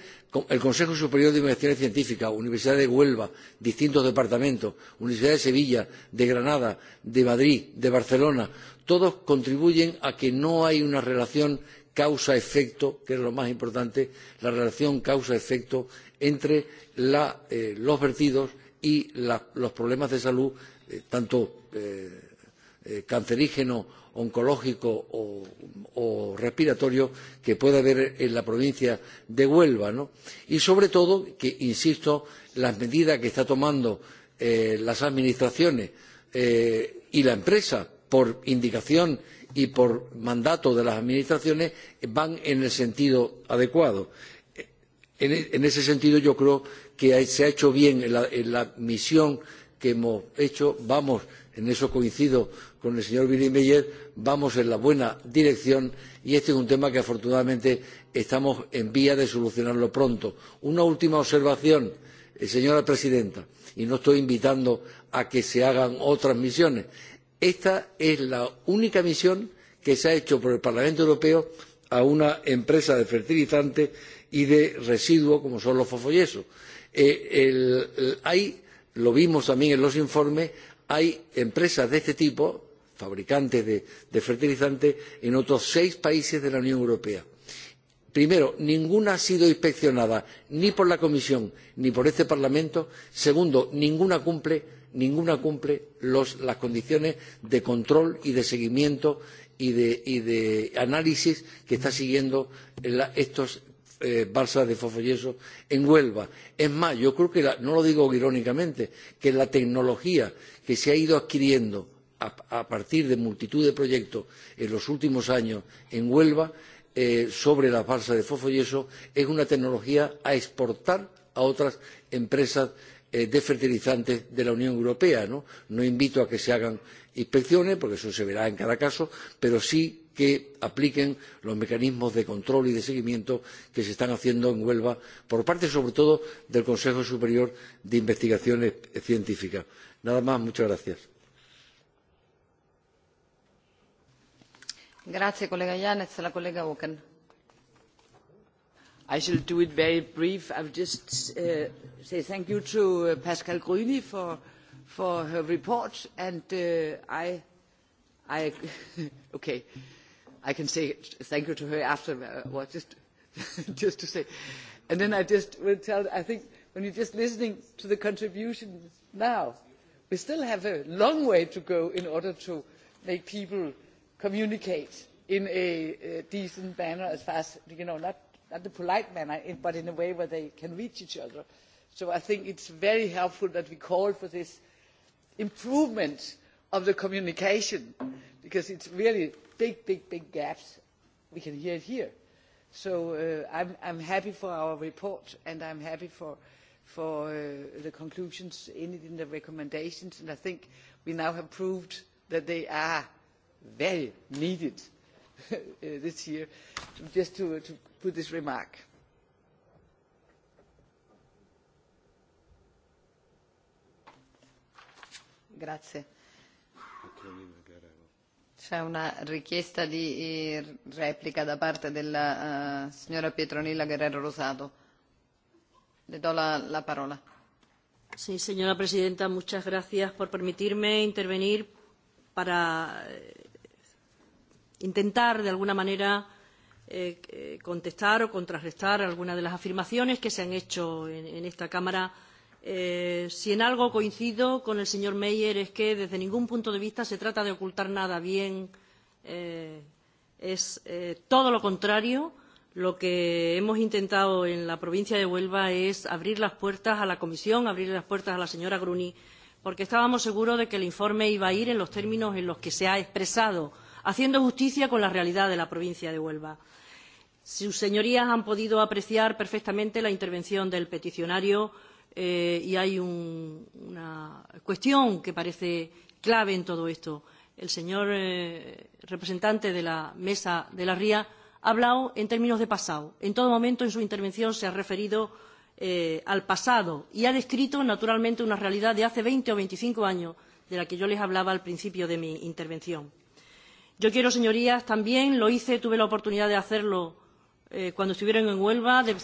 el Consejo Superior de Investigaciones Científicas, Universidad de Huelva, distintos departamentos, Universidad de Sevilla, de Granada, de Madrid, de Barcelona, todos contribuyen a que no hay una relación causa efecto que es lo más importante la relación causa efecto entre la, eh, los vertidos y la, los problemas de salud eh, tanto eh, eh, cancerígeno oncológico o, o respiratorio que pueda haber en la provincia de Huelva ¿no? y sobre todo que insisto las medidas que está tomando eh, las administraciones eh, y la empresa por indicación y por mandato de las administraciones van en el sentido adecuado. En, e, ese sentido yo creo que se ha hecho bien en la, en la misión que hemos hecho. Vamos, en eso coincido con el señor Billy Meyer, vamos en la buena dirección y este es un tema que afortunadamente estamos en vía de solucionarlo pronto. Una última observación, eh, señora presidenta, y no estoy invitando a que se hagan otras misiones. Esta es la única misión que se ha hecho por el Parlamento Europeo a una empresa de fertilizantes y de residuos como son los fosfoyesos. Eh, el, el, hay, lo vimos también en los informes, hay empresas de este tipo, fabricantes de, de fertilizantes, en otros seis países de la Unión Europea. Primero, ninguna ha sido inspeccionada ni por la Comisión ni por este Parlamento. Segundo, ninguna cumple ninguna cumple los, las condiciones de control y de seguimiento y de, y de análisis que está siguiendo la, estos eh, balsas de fosfoyeso en Huelva. Es más, yo creo que, la, no lo digo irónicamente, que la tecnología que se ha ido adquiriendo a, a partir de multitud de proyectos en los últimos años en Huelva eh, sobre las balsas de fosfoyeso es una tecnología a exportar a otras empresas Eh, de fertilizantes de la Unión Europea. ¿no? no invito a que se hagan inspecciones, porque eso se verá en cada caso, pero sí que apliquen los mecanismos de control y de seguimiento que se están haciendo en Huelva por parte, sobre todo, del Consejo Superior de Investigaciones Científicas. Nada más, muchas gracias. Grazie, collega Janez, la collega Oken. I shall do it very brief. I will just uh, say thank you to pascale uh, Pascal Gruny for, her report, and uh, I, okay, I can say thank you to her after just, just to say, and then I just will tell. I think when you're just listening to the contribution now, we still have a long way to go in order to make people communicate in a, a decent manner as fast, you know, not not a polite manner, but in a way where they can reach each other. So I think it's very helpful that we call for this improvement of the communication, because it's really big, big, big gaps. We can hear it here. So uh, I'm, happy for our report, and I'm happy for, for uh, the conclusions in it, in the recommendations, and I think we now have proved that they are very needed uh, this year, just to, to to this remark. Grazie. C'è una richiesta di eh, replica da parte della uh, signora Pietronilla Guerrero Rosato. Le do la, la parola. Sí, señora presidenta, muchas gracias por permitirme intervenir para eh, intentar, de alguna manera, Eh, eh, contestar o contrarrestar algunas de las afirmaciones que se han hecho en, en esta Cámara. Eh, si en algo coincido con el señor Meyer es que desde ningún punto de vista se trata de ocultar nada bien. Eh, es eh, todo lo contrario. Lo que hemos intentado en la provincia de Huelva es abrir las puertas a la Comisión, abrir las puertas a la señora Gruni, porque estábamos seguros de que el informe iba a ir en los términos en los que se ha expresado eh, haciendo justicia con la realidad de la provincia de Huelva. Sus señorías han podido apreciar perfectamente la intervención del peticionario eh, y hay un, una cuestión que parece clave en todo esto. El señor eh, representante de la mesa de la Ría ha hablado en términos de pasado. En todo momento en su intervención se ha referido eh, al pasado y ha descrito naturalmente una realidad de hace 20 o 25 años de la que yo les hablaba al principio de mi intervención. Yo quiero, señorías, también lo hice, tuve la oportunidad de hacerlo eh, cuando estuvieron en Huelva, de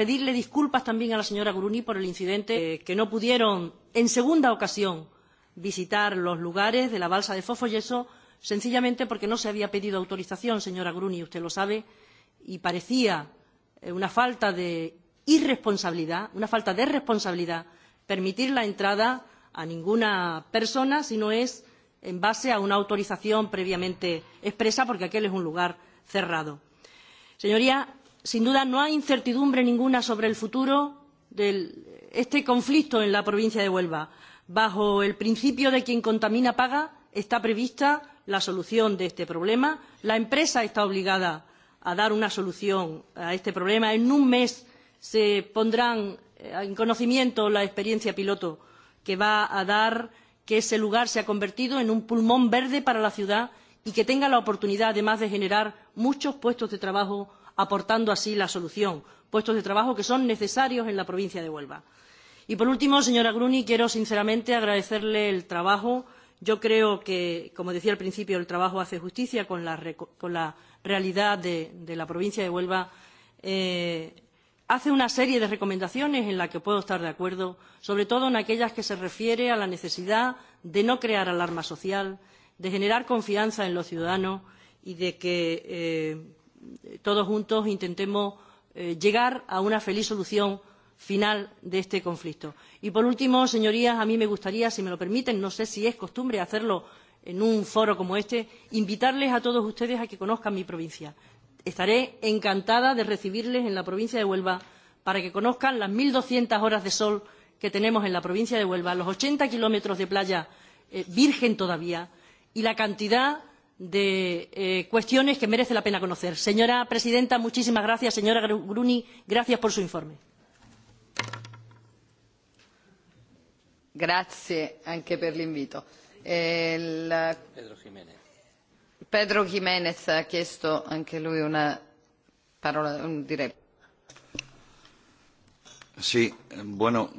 pedirle disculpas también a la señora Gruni por el incidente eh, que no pudieron en segunda ocasión visitar los lugares de la balsa de Fofolleso, sencillamente porque no se había pedido autorización, señora Gruni, usted lo sabe, y parecía eh, una falta de irresponsabilidad, una falta de responsabilidad permitir la entrada a ninguna persona si no es en base a una autorización previamente expresa, porque aquel es un lugar cerrado. Señoría, sin duda no hay incertidumbre ninguna sobre el futuro de este conflicto en la provincia de Huelva. Bajo el principio de quien contamina paga, está prevista la solución de este problema. La empresa está obligada a dar una solución a este problema. En un mes se pondrán eh, en conocimiento la experiencia piloto que va a dar que ese lugar se ha convertido en un pulmón verde para la ciudad y que tenga la oportunidad además de generar muchos puestos de trabajo aportando así la solución puestos de trabajo que son necesarios en la provincia de Huelva. Y por último, señora Gruni, quiero sinceramente agradecerle el trabajo. Yo creo que, como decía al principio, el trabajo hace justicia con la, con la realidad de, de la provincia de Huelva. Eh, hace una serie de recomendaciones en las que puedo estar de acuerdo, sobre todo en aquellas que se refiere a la necesidad de no crear alarma social, de generar confianza en los ciudadanos y de que eh, todos juntos intentemos eh, llegar a una feliz solución final de este conflicto. Y por último, señorías, a mí me gustaría, si me lo permiten, no sé si es costumbre hacerlo en un foro como este, invitarles a todos ustedes a que conozcan mi provincia estaré encantada de recibirles en la provincia de Huelva para que conozcan las 1.200 horas de sol que tenemos en la provincia de Huelva, los 80 kilómetros de playa eh, virgen todavía y la cantidad de eh, cuestiones que merece la pena conocer. Señora presidenta, muchísimas gracias. Señora Gruni, gracias por su informe. Grazie anche per l'invito. Eh, Pedro Jiménez. Pedro Jiménez ha chiesto anche lui una parola, un directo. Sí, bueno,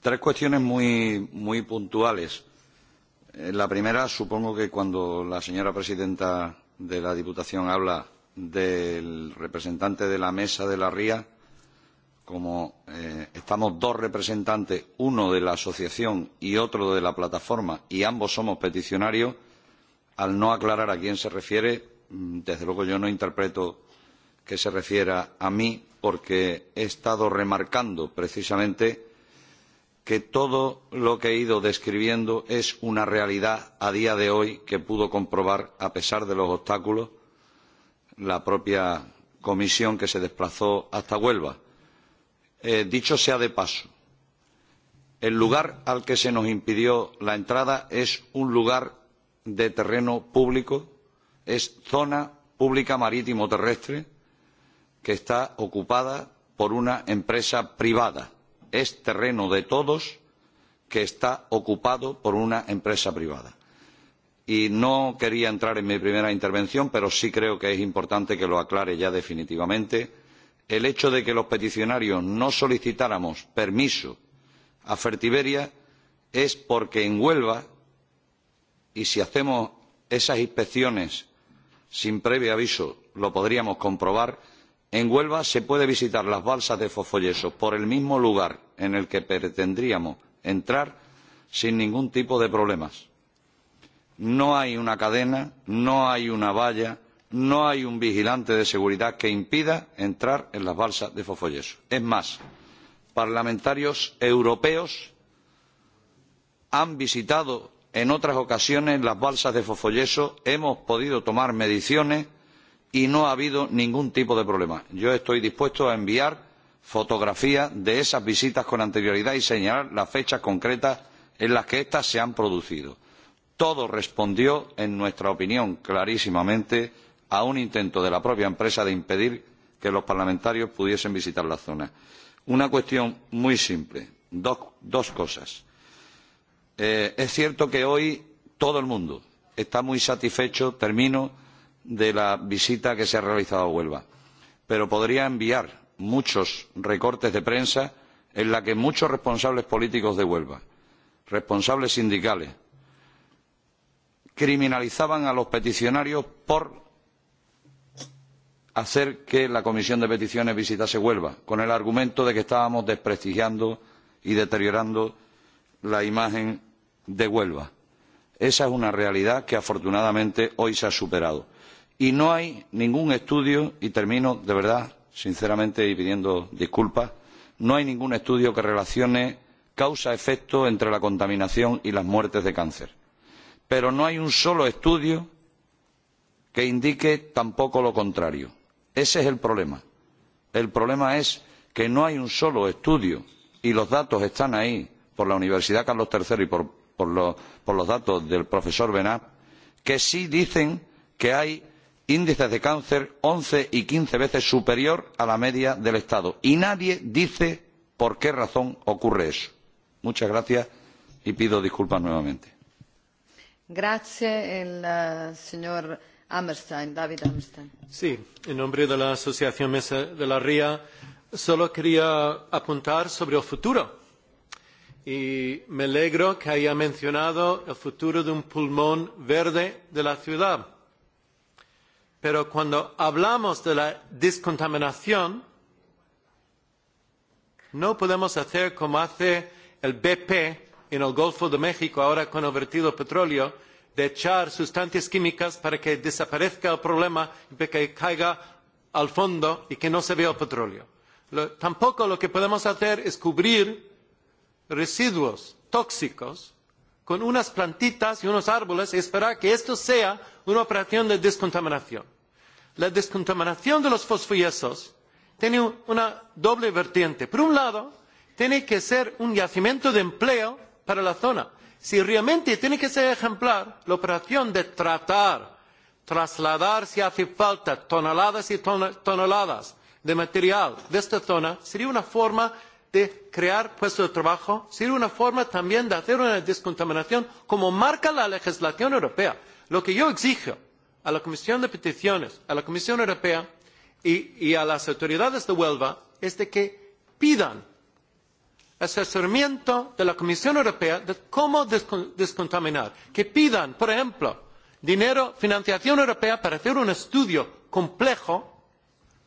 tres cuestiones muy, muy puntuales. Eh, la primera, supongo que cuando la señora presidenta de la Diputación habla del representante de la mesa de la Ría, como eh, estamos dos representantes, uno de la asociación y otro de la plataforma, y ambos somos peticionarios, al no aclarar a quién se refiere, mm, desde luego yo no interpreto que se refiera a mí porque he estado remarcando precisamente que todo lo que he ido describiendo es una realidad a día de hoy que pudo comprobar, a pesar de los obstáculos, la propia comisión que se desplazó hasta Huelva. Eh, dicho sea de paso, el lugar al que se nos impidió la entrada es un lugar de terreno público es zona pública marítimo terrestre que está ocupada por una empresa privada. Es terreno de todos que está ocupado por una empresa privada. Y no quería entrar en mi primera intervención, pero sí creo que es importante que lo aclare ya definitivamente. El hecho de que los peticionarios no solicitáramos permiso a Fertiberia es porque en Huelva y si hacemos esas inspecciones sin previo aviso lo podríamos comprobar en huelva se puede visitar las balsas de fosfoyeso por el mismo lugar en el que pretendíamos entrar sin ningún tipo de problemas. no hay una cadena no hay una valla no hay un vigilante de seguridad que impida entrar en las balsas de fosfoyeso. es más parlamentarios europeos han visitado en otras ocasiones en las balsas de Fosfolleso hemos podido tomar mediciones y no ha habido ningún tipo de problema. Yo estoy dispuesto a enviar fotografías de esas visitas con anterioridad y señalar las fechas concretas en las que éstas se han producido. Todo respondió, en nuestra opinión, clarísimamente a un intento de la propia empresa de impedir que los parlamentarios pudiesen visitar la zona. Una cuestión muy simple. Dos, dos cosas Eh, es cierto que hoy todo el mundo está muy satisfecho, termino, de la visita que se ha realizado a Huelva, pero podría enviar muchos recortes de prensa en la que muchos responsables políticos de Huelva, responsables sindicales, criminalizaban a los peticionarios por hacer que la comisión de peticiones visitase Huelva, con el argumento de que estábamos desprestigiando y deteriorando la imagen de Huelva. Esa es una realidad que afortunadamente hoy se ha superado. Y no hay ningún estudio, y termino de verdad, sinceramente y pidiendo disculpas, no hay ningún estudio que relacione causa-efecto entre la contaminación y las muertes de cáncer. Pero no hay un solo estudio que indique tampoco lo contrario. Ese es el problema. El problema es que no hay un solo estudio, y los datos están ahí por la Universidad Carlos III y por por, los datos del profesor benach que sí dicen que hay índices de cáncer once y quince veces superiores a la media del Estado. Y nadie dice por qué razón ocurre eso. Muchas gracias y pido disculpas nuevamente. Grazie, el, uh, señor Hammerstein, David Hammerstein. Sí, en nombre de la Asociación Mesa de la Ría, solo quería apuntar sobre el futuro y me alegro de que haya mencionado el futuro de un pulmón verde de la ciudad. Pero cuando hablamos de la descontaminación, no podemos hacer como hace el BP en el Golfo de México, ahora con el vertido petróleo, de echar sustancias químicas para que desaparezca el problema y que caiga al fondo y que no se vea el petróleo. Lo, tampoco lo que podemos hacer es cubrir residuos tóxicos con unas plantitas y unos árboles y esperar que esto sea una operación de descontaminación. La descontaminación de los fosfoyesos tiene una doble vertiente. Por un lado, tiene que ser un yacimiento de empleo para la zona. Si realmente tiene que ser ejemplar la operación de tratar, trasladar si hace falta toneladas y toneladas de material de esta zona, sería una forma de crear puestos de trabajo, sino una forma también de hacer una descontaminación como marca la legislación europea. Lo que yo exijo a la Comisión de Peticiones, a la Comisión Europea y, y a las autoridades de Huelva es de que pidan asesoramiento de la Comisión Europea de cómo descontaminar. Que pidan, por ejemplo, dinero, financiación europea para hacer un estudio complejo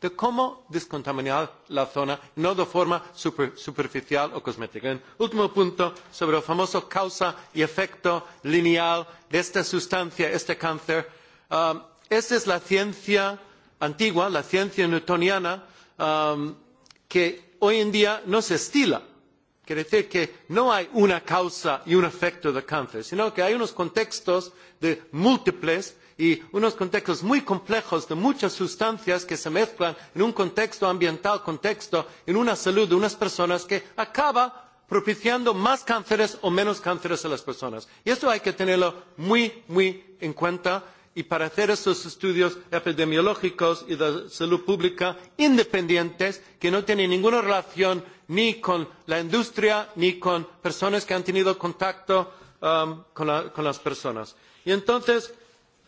de cómo descontaminar la zona no de forma super, superficial o cosmética. un último punto sobre la famosa causa y efecto lineal de esta sustancia este cáncer. Um, esta es la ciencia antigua la ciencia newtoniana um, que hoy en día no se estila. Quiere decir que no hay una causa y un efecto del cáncer, sino que hay unos contextos de múltiples y unos contextos muy complejos de muchas sustancias que se mezclan en un contexto ambiental, contexto en una salud de unas personas que acaba propiciando más cánceres o menos cánceres a las personas. Y esto hay que tenerlo muy, muy en cuenta y para hacer esos estudios epidemiológicos y de salud pública independientes que no tienen ninguna relación ni con la industria ni con personas que han tenido contacto um, con, la, con las personas. Y entonces,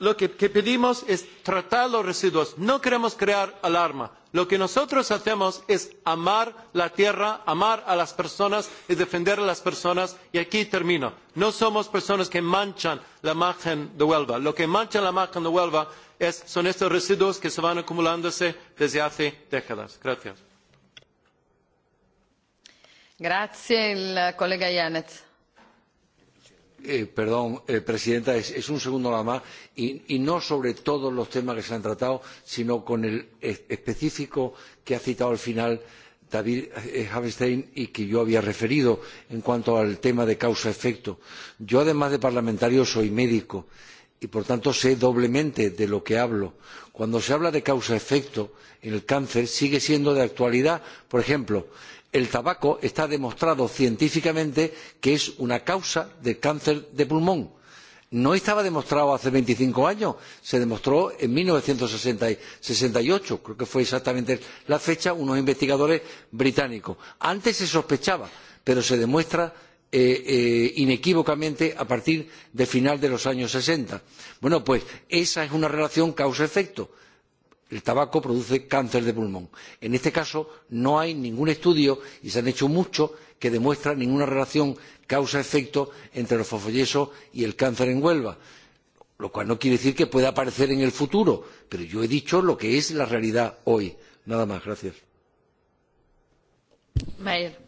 lo que, pedimos es tratar los residuos. No queremos crear alarma. Lo que nosotros hacemos es amar la tierra, amar a las personas y defender a las personas. Y aquí termino. No somos personas que manchan la imagen de Huelva. Lo que mancha la imagen de Huelva es, son estos residuos que se van acumulándose desde hace décadas. Gracias. Grazie, señora eh, eh, Presidenta, es, un segundo nada más, y, no sobre todos los temas que se han tratado, sino con el e, específico que ha citado al final David eh, Havenstein y que yo había referido en cuanto al tema de causa-efecto. Yo, además de parlamentario, soy médico y, por tanto, sé doblemente de lo que hablo. Cuando se habla de causa-efecto en el cáncer, sigue siendo de actualidad. Por ejemplo, el tabaco está demostrado científicamente que es una causa de cáncer de pulmón. No estaba demostrado hace 25 años, se demostró en 1968, creo que fue exactamente la fecha, unos investigadores británicos. Antes se sospechaba, pero se demuestra eh, eh, inequívocamente a partir del final de los años 60. Bueno, pues esa es una relación causa-efecto el tabaco produce cáncer de pulmón. En este caso no hay ningún estudio y se han hecho muchos que demuestran ninguna relación causa efecto entre los fosfoyesos y el cáncer en Huelva, lo cual no quiere decir que pueda aparecer en el futuro, pero yo he dicho lo que es la realidad hoy. Nada más, gracias. Mayer.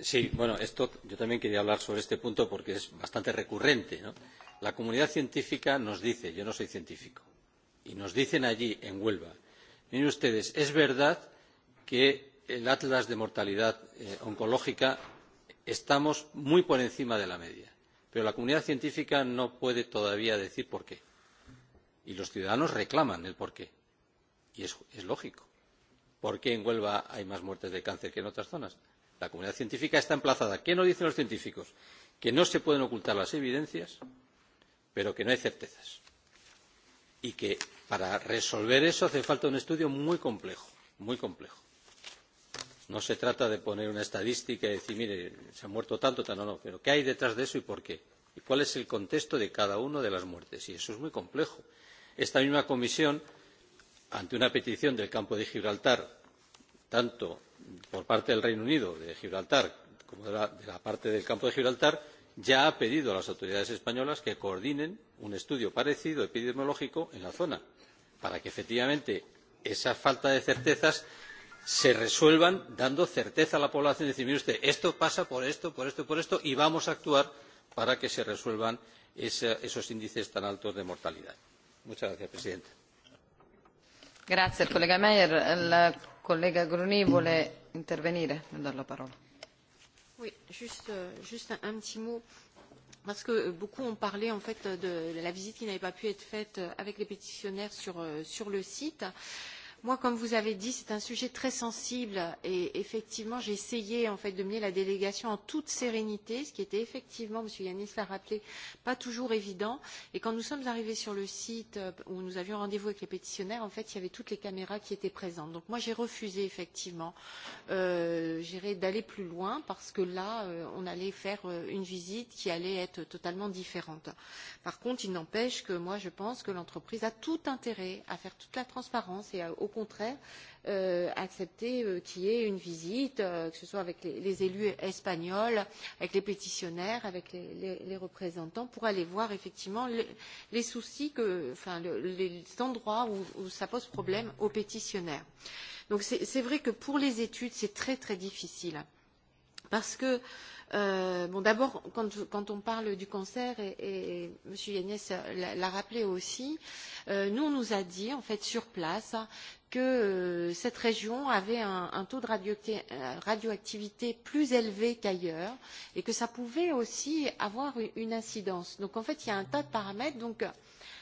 Sí, bueno, esto, yo también quería hablar sobre este punto porque es bastante recurrente. ¿no? La comunidad científica nos dice, yo no soy científico, y nos dicen allí en Huelva, miren ustedes, es verdad que en el atlas de mortalidad eh, oncológica estamos muy por encima de la media, pero la comunidad científica no puede todavía decir por qué. Y los ciudadanos reclaman el por qué. Y es, es lógico. ¿Por qué en Huelva hay más muertes de cáncer que en otras zonas? La comunidad científica está emplazada. ¿Qué nos dicen los científicos? Que no se pueden ocultar las evidencias, pero que no hay certezas y que para resolver eso hace falta un estudio muy complejo, muy complejo. No se trata de poner una estadística y decir, mire, se ha muerto tanto, tanto, no, no pero ¿qué hay detrás de eso y por qué? ¿Y cuál es el contexto de cada una de las muertes? Y eso es muy complejo. Esta misma comisión, ante una petición del campo de Gibraltar, tanto por parte del Reino Unido, de Gibraltar, como de la, de la parte del campo de Gibraltar, ya ha pedido a las autoridades españolas que coordinen un estudio parecido epidemiológico en la zona para que efectivamente esa falta de certezas se resuelva dando certeza a la población y decir mire usted esto pasa por esto por esto por esto y vamos a actuar para que se resuelvan esa, esos índices tan altos de mortalidad. Muchas gracias, Presidenta. Grazie, collega Meyer. La collega Gruni vuole intervenire. Eh, le do la parola. Oui, juste, euh, juste un, un petit mot. Parce que euh, beaucoup ont parlé en fait de la visite qui n'avait pas pu être faite euh, avec les pétitionnaires sur, sur le site. Euh, Moi, comme vous avez dit, c'est un sujet très sensible et effectivement, j'ai essayé en fait de mener la délégation en toute sérénité, ce qui était effectivement, M. Yanis l'a rappelé, pas toujours évident. Et quand nous sommes arrivés sur le site euh, où nous avions rendez-vous avec les pétitionnaires, en fait, il y avait toutes les caméras qui étaient présentes. Donc moi, j'ai refusé effectivement euh, d'aller plus loin parce que là, euh, on allait faire euh, une visite qui allait être totalement différente. Par contre, il n'empêche que moi, je pense que l'entreprise a tout intérêt à faire toute la transparence et à, au au contraire euh, accepté euh, qu'il y ait une visite, euh, que ce soit avec les, les élus espagnols, avec les pétitionnaires, avec les, les, les représentants, pour aller voir effectivement les, les soucis, que, enfin, le, les endroits où, où ça pose problème aux pétitionnaires. Donc c'est vrai que pour les études, c'est très très difficile. Parce que euh, bon, d'abord, quand, quand on parle du cancer, et, et M. Yanis l'a rappelé aussi, euh, nous, on nous a dit, en fait, sur place, que euh, cette région avait un, un taux de euh, radioactivité plus élevé qu'ailleurs et que ça pouvait aussi avoir une incidence. Donc en fait, il y a un tas de paramètres. Donc euh,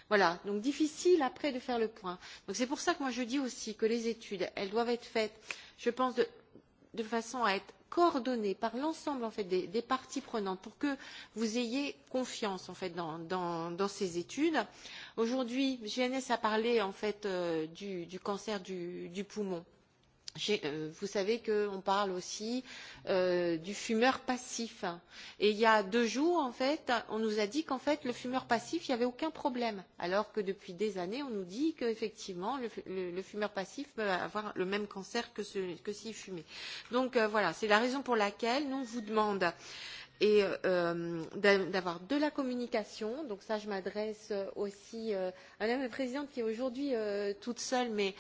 voilà, donc difficile après de faire le point. Donc c'est pour ça que moi je dis aussi que les études, elles doivent être faites, je pense, de, de façon à être coordonnée par l'ensemble en fait, des, des parties prenantes pour que vous ayez confiance en fait, dans, dans, dans ces études. Aujourd'hui, GNS a parlé en fait, euh, du, du cancer du, du poumon. Euh, vous savez qu'on parle aussi euh, du fumeur passif. Et il y a deux jours, en fait, on nous a dit qu'en fait, le fumeur passif, il n'y avait aucun problème. Alors que depuis des années, on nous dit qu'effectivement, le, le, le fumeur passif peut avoir le même cancer que, que s'il fumait. Donc euh, voilà, c'est la raison pour laquelle nous, on vous demande euh, et euh, d'avoir de la communication. Donc cela je m'adresse euh, aussi euh, à mme la présidente qui est aujourd'hui toute seule, mais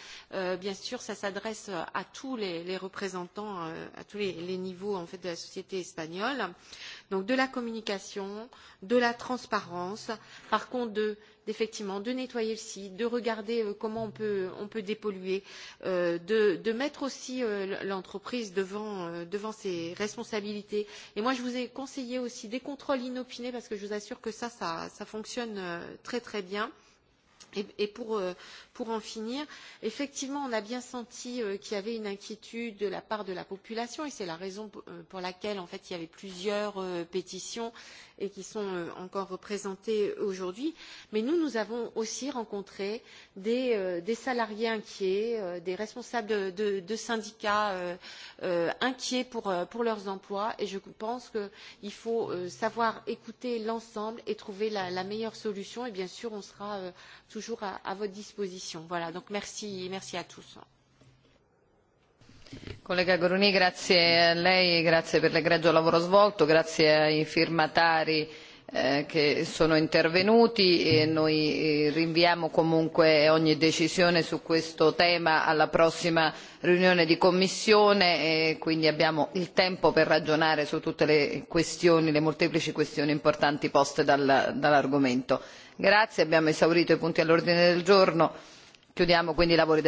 bien sûr, cela s'adresse à tous les, représentants, à tous les, niveaux en fait de la société espagnole. et Donc de la communication, de la transparence, par contre de effectivement de nettoyer le site, de regarder euh, comment on peut, on peut dépolluer, euh, de, de mettre aussi euh, l'entreprise devant, devant ses responsabilités. Et moi, je vous ai conseillé aussi des contrôles inopinés parce que je vous assure que ça, ça, fonctionne très très bien. Et, pour, euh, pour en finir, effectivement, on a bien senti euh, qu'il y avait une inquiétude de la part de la population et c'est la raison euh, pour laquelle, en fait, il y avait plusieurs pétitions et qui sont encore représentées aujourd'hui. Mais nous, nous avons aussi rencontré des, des salariés inquiets, des responsables de, de, de syndicats inquiets pour, pour leurs emplois et je pense qu'il faut savoir écouter l'ensemble et trouver la, la meilleure solution et bien sûr, on sera toujours toujours à, votre disposition. Voilà, donc merci, merci à tous. Collega Gruni, grazie a lei, grazie per l'egregio lavoro svolto, grazie ai firmatari eh, che sono intervenuti e noi eh, rinviamo comunque ogni decisione su questo tema alla prossima riunione di commissione e quindi abbiamo il tempo per ragionare su tutte le questioni le molteplici questioni importanti poste dall'argomento grazie abbiamo esaurito i punti all'ordine del giorno chiudiamo quindi i lavori dell'aula.